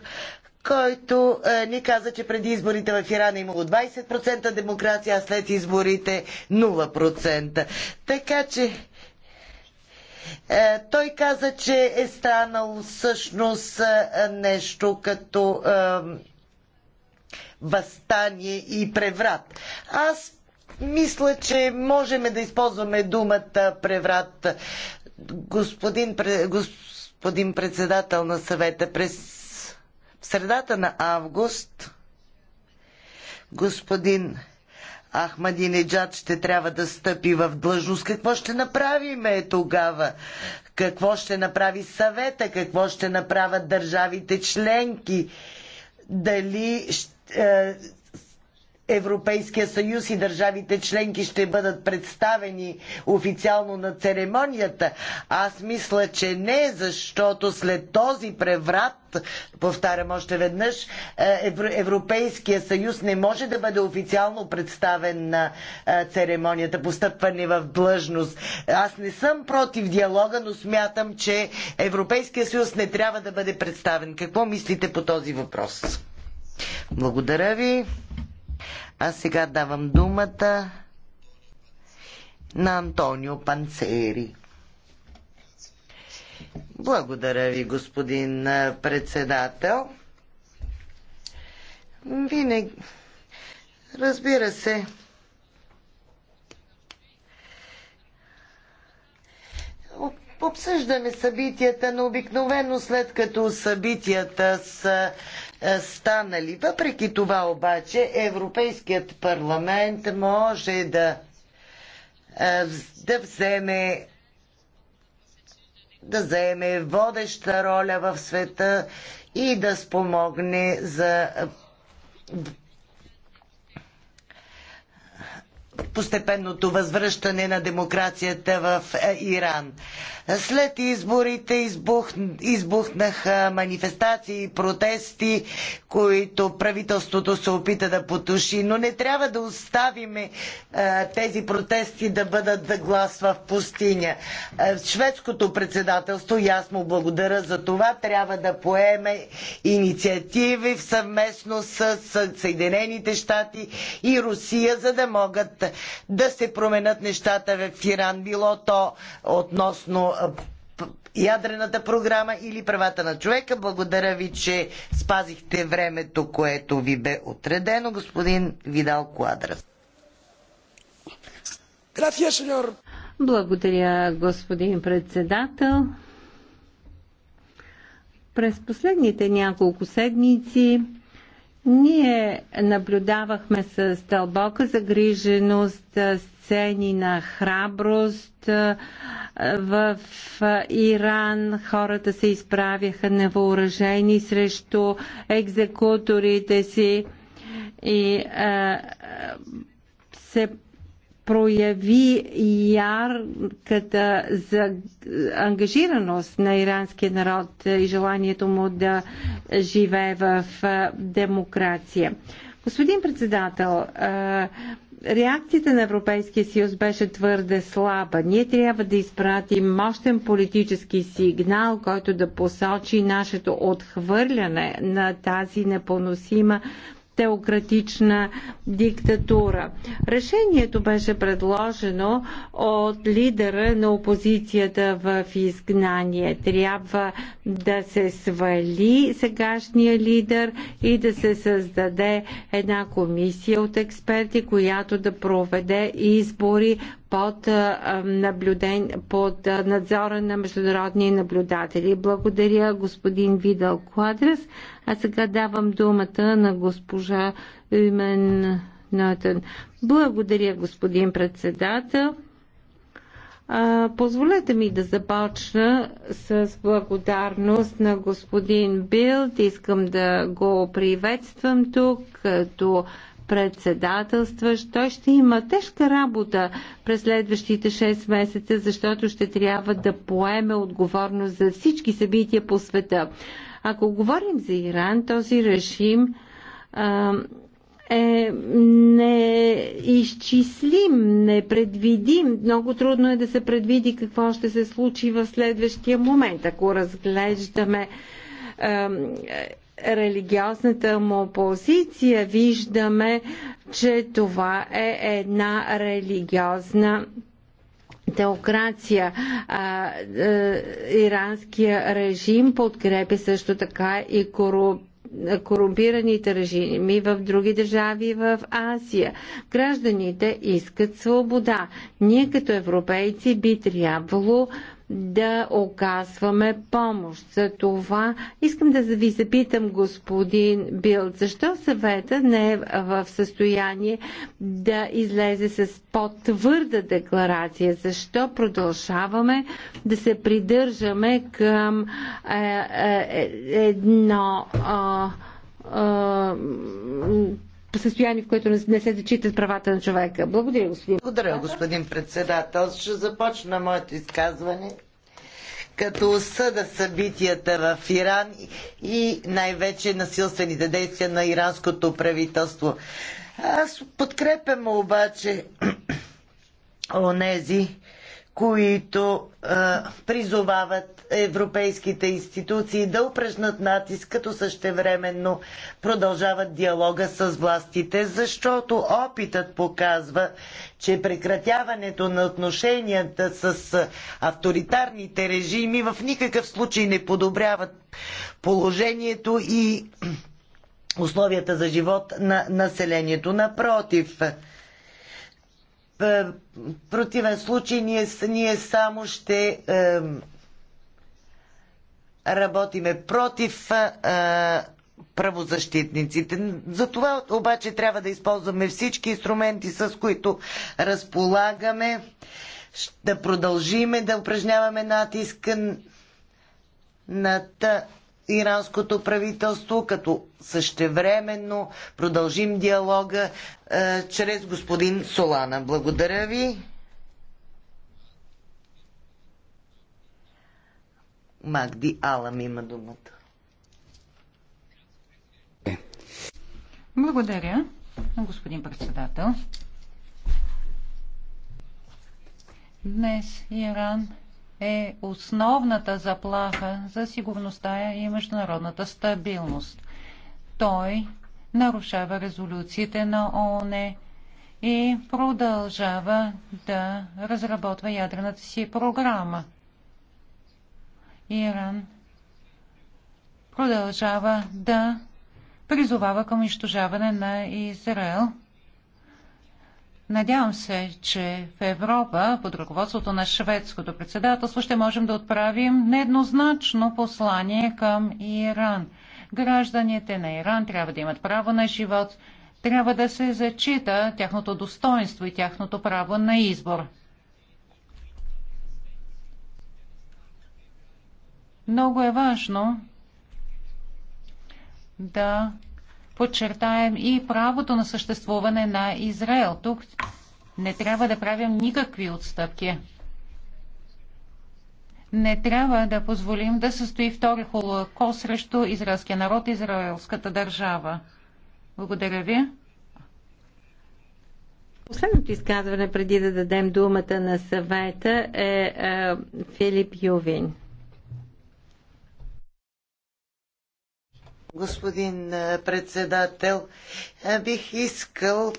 който е, ни каза, че преди изборите в Иран е имало 20% демокрация, а след изборите 0%. Така че е, той каза, че е станало всъщност е, нещо като възстание и преврат. Аз мисля, че можем да използваме думата преврат. Господин, господин председател на съвета, през средата на август господин Ахмадинеджад ще трябва да стъпи в длъжност. Какво ще направиме тогава? Какво ще направи съвета? Какво ще направят държавите членки? Дали ще е, Европейския съюз и държавите членки ще бъдат представени официално на церемонията. Аз мисля, че не, защото след този преврат, повтарям още веднъж, е, Европейския съюз не може да бъде официално представен на е, церемонията по стъпване в длъжност. Аз не съм против диалога, но смятам, че Европейския съюз не трябва да бъде представен. Какво мислите по този въпрос? Благодаря ви. А сега давам думата на Антонио Панцери. Благодаря ви, господин председател. Винаги. Разбира се. Обсъждаме събитията, но обикновено след като събитията са е, станали. Въпреки това обаче Европейският парламент може да, е, да вземе да заеме водеща роля в света и да спомогне за е, постепенното възвръщане на демокрацията в Иран. След изборите избух, избухнаха манифестации и протести, които правителството се опита да потуши, но не трябва да оставиме е, тези протести да бъдат глас в пустиня. Е, шведското председателство, и аз му благодаря за това, трябва да поеме инициативи съвместно с Съединените щати и Русия, за да могат да се променят нещата в Иран, било то относно ядрената програма или правата на човека. Благодаря ви, че спазихте времето, което ви бе отредено, господин Видал Куадрас. Благодаря, господин председател. През последните няколко седмици ние наблюдавахме с дълбока загриженост сцени на храброст в Иран. Хората се изправяха невооръжени срещу екзекуторите си и се прояви ярката за ангажираност на иранския народ и желанието му да живее в демокрация. Господин председател, реакцията на Европейския съюз беше твърде слаба. Ние трябва да изпратим мощен политически сигнал, който да посочи нашето отхвърляне на тази непоносима теократична диктатура. Решението беше предложено от лидера на опозицията в изгнание. Трябва да се свали сегашния лидер и да се създаде една комисия от експерти, която да проведе избори под, наблюден, под надзора на международни наблюдатели. Благодаря господин Видал Квадрас. А сега давам думата на госпожа Юмен Нотен. Благодаря господин председател. Позволете ми да започна с благодарност на господин Билд. Искам да го приветствам тук като председателстващ, той ще има тежка работа през следващите 6 месеца, защото ще трябва да поеме отговорност за всички събития по света. Ако говорим за Иран, този режим а, е неизчислим, непредвидим. Много трудно е да се предвиди какво ще се случи в следващия момент. Ако разглеждаме религиозната му позиция, виждаме, че това е една религиозна теокрация. А, е, иранския режим подкрепи също така и корупция корумпираните режими в други държави в Азия. Гражданите искат свобода. Ние като европейци би трябвало да оказваме помощ. За това искам да ви запитам, господин Бил, защо съвета не е в състояние да излезе с по-твърда декларация? Защо продължаваме да се придържаме към е, е, е едно. Е, е, състояние, в което не се зачитат правата на човека. Благодаря, господин. Благодаря, господин председател. Ще започна моето изказване като осъда събитията в Иран и най-вече насилствените действия на иранското правителство. Аз подкрепям обаче [CLEARS THROAT] онези, които а, призовават европейските институции да упражнат натиск, като същевременно продължават диалога с властите, защото опитът показва, че прекратяването на отношенията с авторитарните режими в никакъв случай не подобряват положението и [CLEARS THROAT] условията за живот на населението. Напротив, е, противен случай ние, ние само ще е, работиме против е, правозащитниците. За това обаче трябва да използваме всички инструменти, с които разполагаме, да продължиме да упражняваме натиск над иранското правителство, като същевременно продължим диалога е, чрез господин Солана. Благодаря ви. Магди Алам има думата. Благодаря, господин председател. Днес Иран е основната заплаха за сигурността и международната стабилност. Той нарушава резолюциите на ООН и продължава да разработва ядрената си програма. Иран продължава да призовава към унищожаване на Израел – Надявам се, че в Европа, под ръководството на шведското председателство, ще можем да отправим нееднозначно послание към Иран. Гражданите на Иран трябва да имат право на живот, трябва да се зачита тяхното достоинство и тяхното право на избор. Много е важно да подчертаем и правото на съществуване на Израел. Тук не трябва да правим никакви отстъпки. Не трябва да позволим да състои втори холокост срещу израелския народ и израелската държава. Благодаря ви. Последното изказване преди да дадем думата на съвета е, е Филип Ювин. Господин председател, бих искал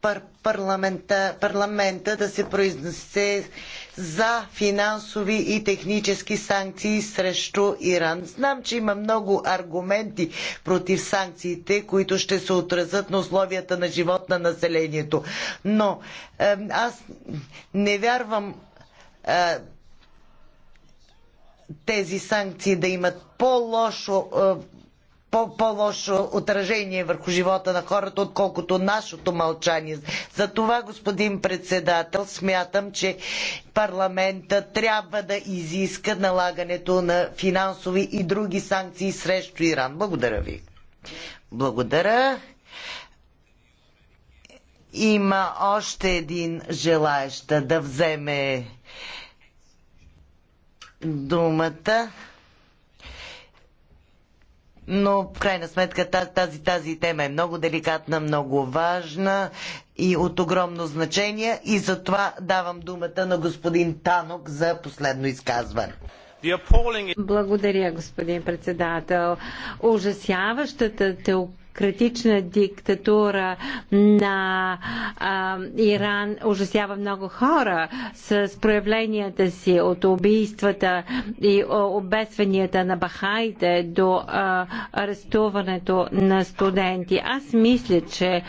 пар- парламента, парламента да се произнесе за финансови и технически санкции срещу Иран. Знам, че има много аргументи против санкциите, които ще се отразят на условията на живот на населението. Но аз не вярвам тези санкции да имат по-лошо по-лошо отражение върху живота на хората, отколкото нашето мълчание. Затова, господин председател, смятам, че парламента трябва да изиска налагането на финансови и други санкции срещу Иран. Благодаря ви. Благодаря. Има още един желаещ да вземе думата но в крайна сметка тази, тази тема е много деликатна, много важна и от огромно значение и затова давам думата на господин Танок за последно изказване. Благодаря, господин председател. Ужасяващата демократична диктатура на а, Иран ужасява много хора с проявленията си от убийствата и обесванията на бахайте до а, арестуването на студенти. Аз мисля, че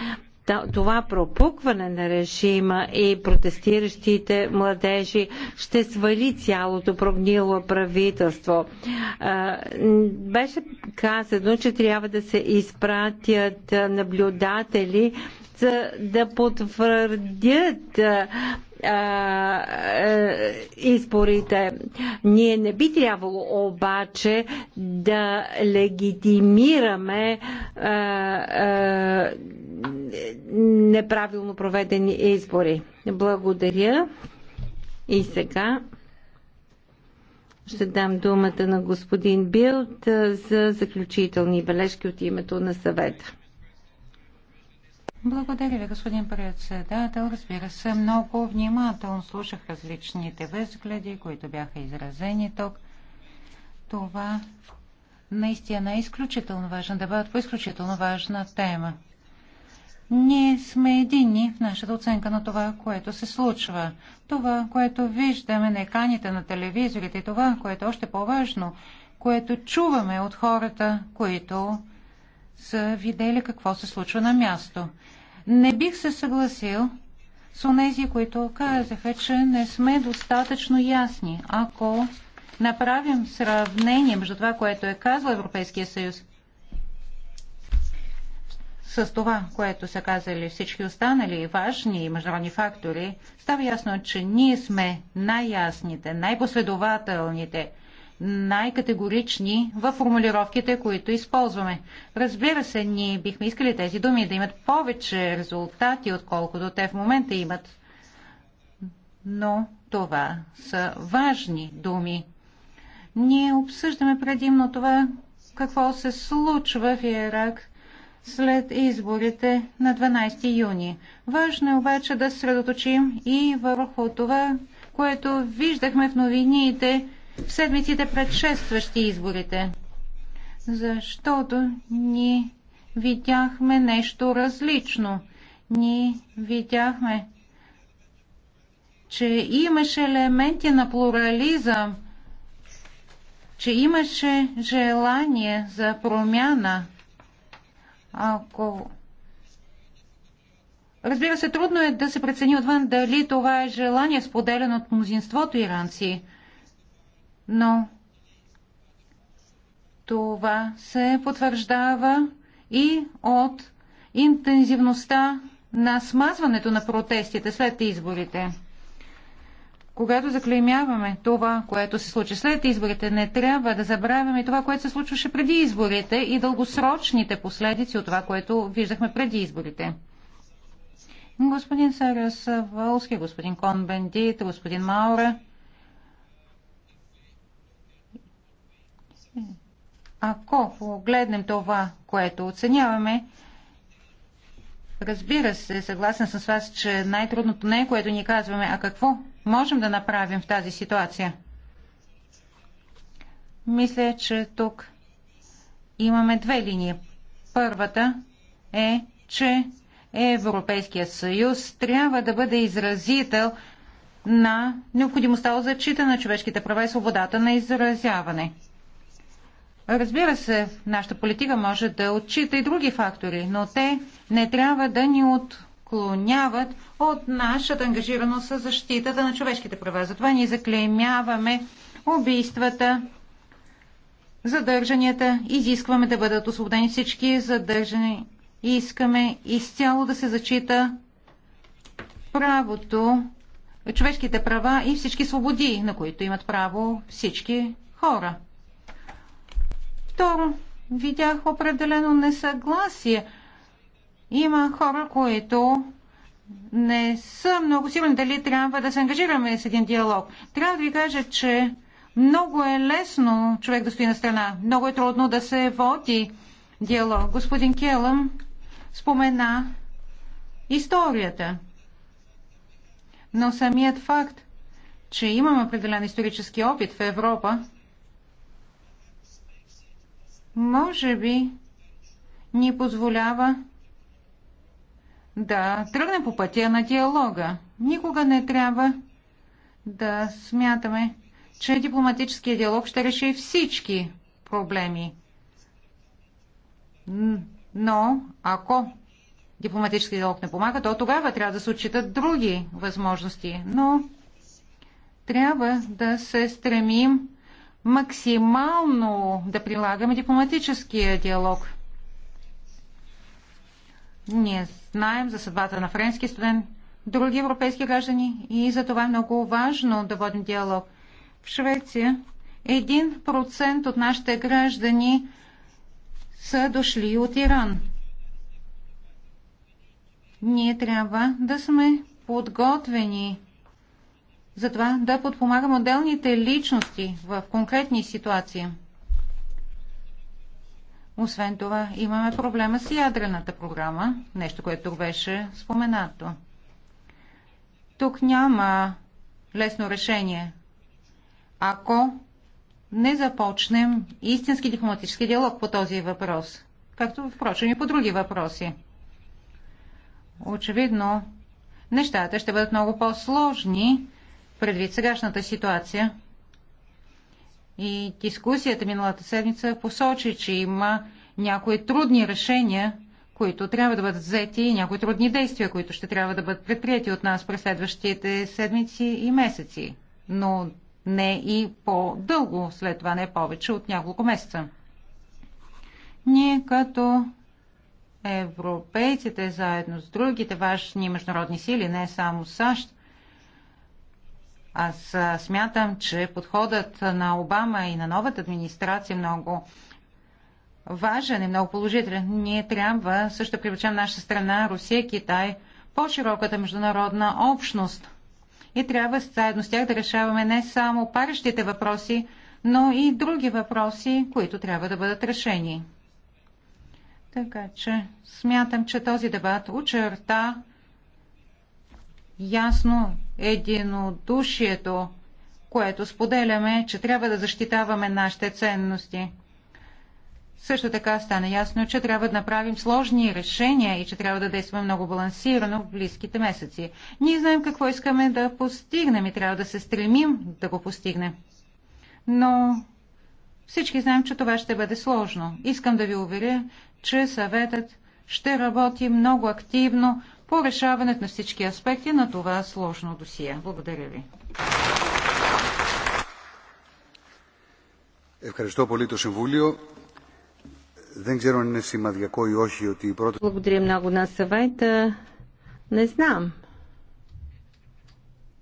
това пропукване на режима и протестиращите младежи ще свали цялото прогнило правителство. Беше казано, че трябва да се изпратят наблюдатели за да потвърдят е, изборите. Ние не би трябвало обаче да легитимираме неправилно проведени избори. Благодаря. И сега ще дам думата на господин Билт за заключителни бележки от името на съвета. Благодаря ви, господин председател. Разбира се, много внимателно слушах различните възгледи, които бяха изразени тук. Това наистина е изключително важен дебат по изключително важна тема. Ние сме едини в нашата оценка на това, което се случва. Това, което виждаме на еканите на телевизорите и това, което е още по-важно, което чуваме от хората, които са видели какво се случва на място. Не бих се съгласил с онези, които казаха, че не сме достатъчно ясни. Ако направим сравнение между това, което е казал Европейския съюз с това, което са казали всички останали важни международни фактори, става ясно, че ние сме най-ясните, най-последователните, най-категорични в формулировките, които използваме. Разбира се, ние бихме искали тези думи да имат повече резултати, отколкото те в момента имат. Но това са важни думи. Ние обсъждаме предимно това, какво се случва в Ирак след изборите на 12 юни. Важно е обаче да средоточим и върху това, което виждахме в новините в седмиците предшестващи изборите, защото ние видяхме нещо различно. Ние видяхме, че имаше елементи на плурализъм, че имаше желание за промяна. Ако Разбира се, трудно е да се прецени отвън дали това е желание споделено от мнозинството иранци но това се потвърждава и от интензивността на смазването на протестите след изборите. Когато заклеймяваме това, което се случи след изборите, не трябва да забравяме това, което се случваше преди изборите и дългосрочните последици от това, което виждахме преди изборите. Господин Сарас Вълски, господин Конбендит, господин Маура, Ако погледнем това, което оценяваме, разбира се, съгласен съм с вас, че най-трудното не е, което ни казваме, а какво можем да направим в тази ситуация. Мисля, че тук имаме две линии. Първата е, че Европейския съюз трябва да бъде изразител на необходимостта от зачита на човешките права и свободата на изразяване – Разбира се, нашата политика може да отчита и други фактори, но те не трябва да ни отклоняват от нашата ангажираност за защитата на човешките права. Затова ние заклеймяваме убийствата, задържанията, изискваме да бъдат освободени всички задържани и искаме изцяло да се зачита правото, човешките права и всички свободи, на които имат право всички хора. Второ, видях определено несъгласие. Има хора, които не са много сигурни дали трябва да се ангажираме с един диалог. Трябва да ви кажа, че много е лесно човек да стои на страна. Много е трудно да се води диалог. Господин Келъм спомена историята. Но самият факт, че имаме определен исторически опит в Европа, може би ни позволява да тръгнем по пътя на диалога. Никога не трябва да смятаме, че дипломатическия диалог ще реши всички проблеми. Но ако дипломатически диалог не помага, то тогава трябва да се отчитат други възможности. Но трябва да се стремим максимално да прилагаме дипломатическия диалог. Ние знаем за съдбата на френски студент, други европейски граждани и за това е много важно да водим диалог. В Швеция един процент от нашите граждани са дошли от Иран. Ние трябва да сме подготвени за това да подпомагам отделните личности в конкретни ситуации. Освен това, имаме проблема с ядрената програма, нещо, което тук беше споменато. Тук няма лесно решение. Ако не започнем истински дипломатически диалог по този въпрос, както впрочем и по други въпроси. Очевидно, нещата ще бъдат много по-сложни, предвид сегашната ситуация. И дискусията миналата седмица посочи, че има някои трудни решения, които трябва да бъдат взети и някои трудни действия, които ще трябва да бъдат предприяти от нас през следващите седмици и месеци, но не и по-дълго след това, не повече от няколко месеца. Ние като европейците, заедно с другите важни международни сили, не само САЩ, аз смятам, че подходът на Обама и на новата администрация е много важен и много положителен. Ние трябва също привлечем наша страна, Русия, Китай, по-широката международна общност. И трябва заедно с тях да решаваме не само парещите въпроси, но и други въпроси, които трябва да бъдат решени. Така че смятам, че този дебат очерта ясно единодушието, което споделяме, че трябва да защитаваме нашите ценности. Също така стана ясно, че трябва да направим сложни решения и че трябва да действаме много балансирано в близките месеци. Ние знаем какво искаме да постигнем и трябва да се стремим да го постигнем. Но всички знаем, че това ще бъде сложно. Искам да ви уверя, че съветът ще работи много активно по решаването на всички аспекти на това сложно досие. Благодаря ви. Благодаря много на съвета. Не знам.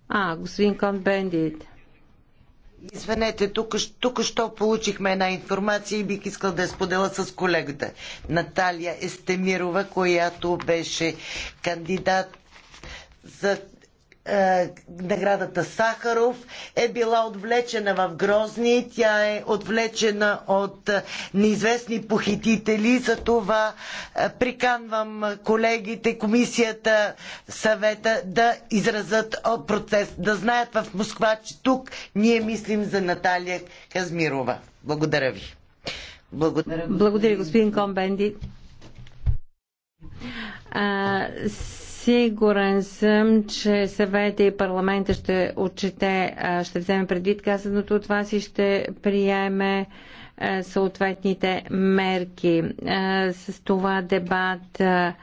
А, господин Кон Бендит. Извинете, тук, тук що получихме една информация и бих искал да я споделя с колегата. Наталия Естемирова, която беше кандидат за е, наградата Сахаров е била отвлечена в Грозни. Тя е отвлечена от е, неизвестни похитители. Затова е, приканвам колегите, комисията, съвета да изразят процес, да знаят в Москва, че тук ние мислим за Наталия Казмирова. Благодаря ви. Благодаря, господин Комбенди. Сигурен съм, че съвета и парламента ще отчете, ще вземе предвид казаното от вас и ще приеме съответните мерки. С това дебат е,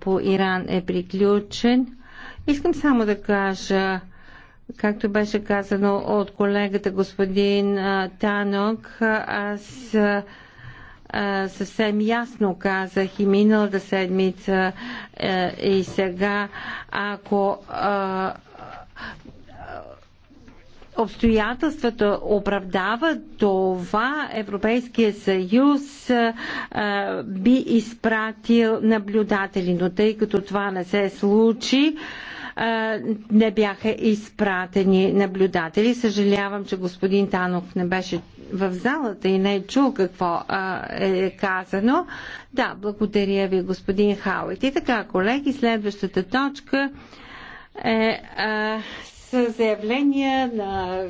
по Иран е приключен. Искам само да кажа, както беше казано от колегата господин Танок, аз съвсем ясно казах и миналата седмица е, и сега, ако обстоятелствата оправдават това, Европейския съюз а, е, би изпратил наблюдатели, но тъй като това не се случи, а, не бяха изпратени наблюдатели. Съжалявам, че господин Танов не беше в залата и не е чул какво е казано. Да, благодаря ви, господин Хауит. И така, колеги, следващата точка е с заявление на,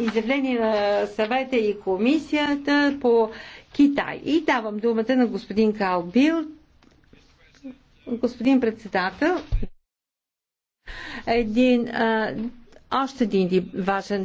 изявление на съвета и комисията по Китай. И давам думата на господин Калбил. Господин председател, един, а, още един важен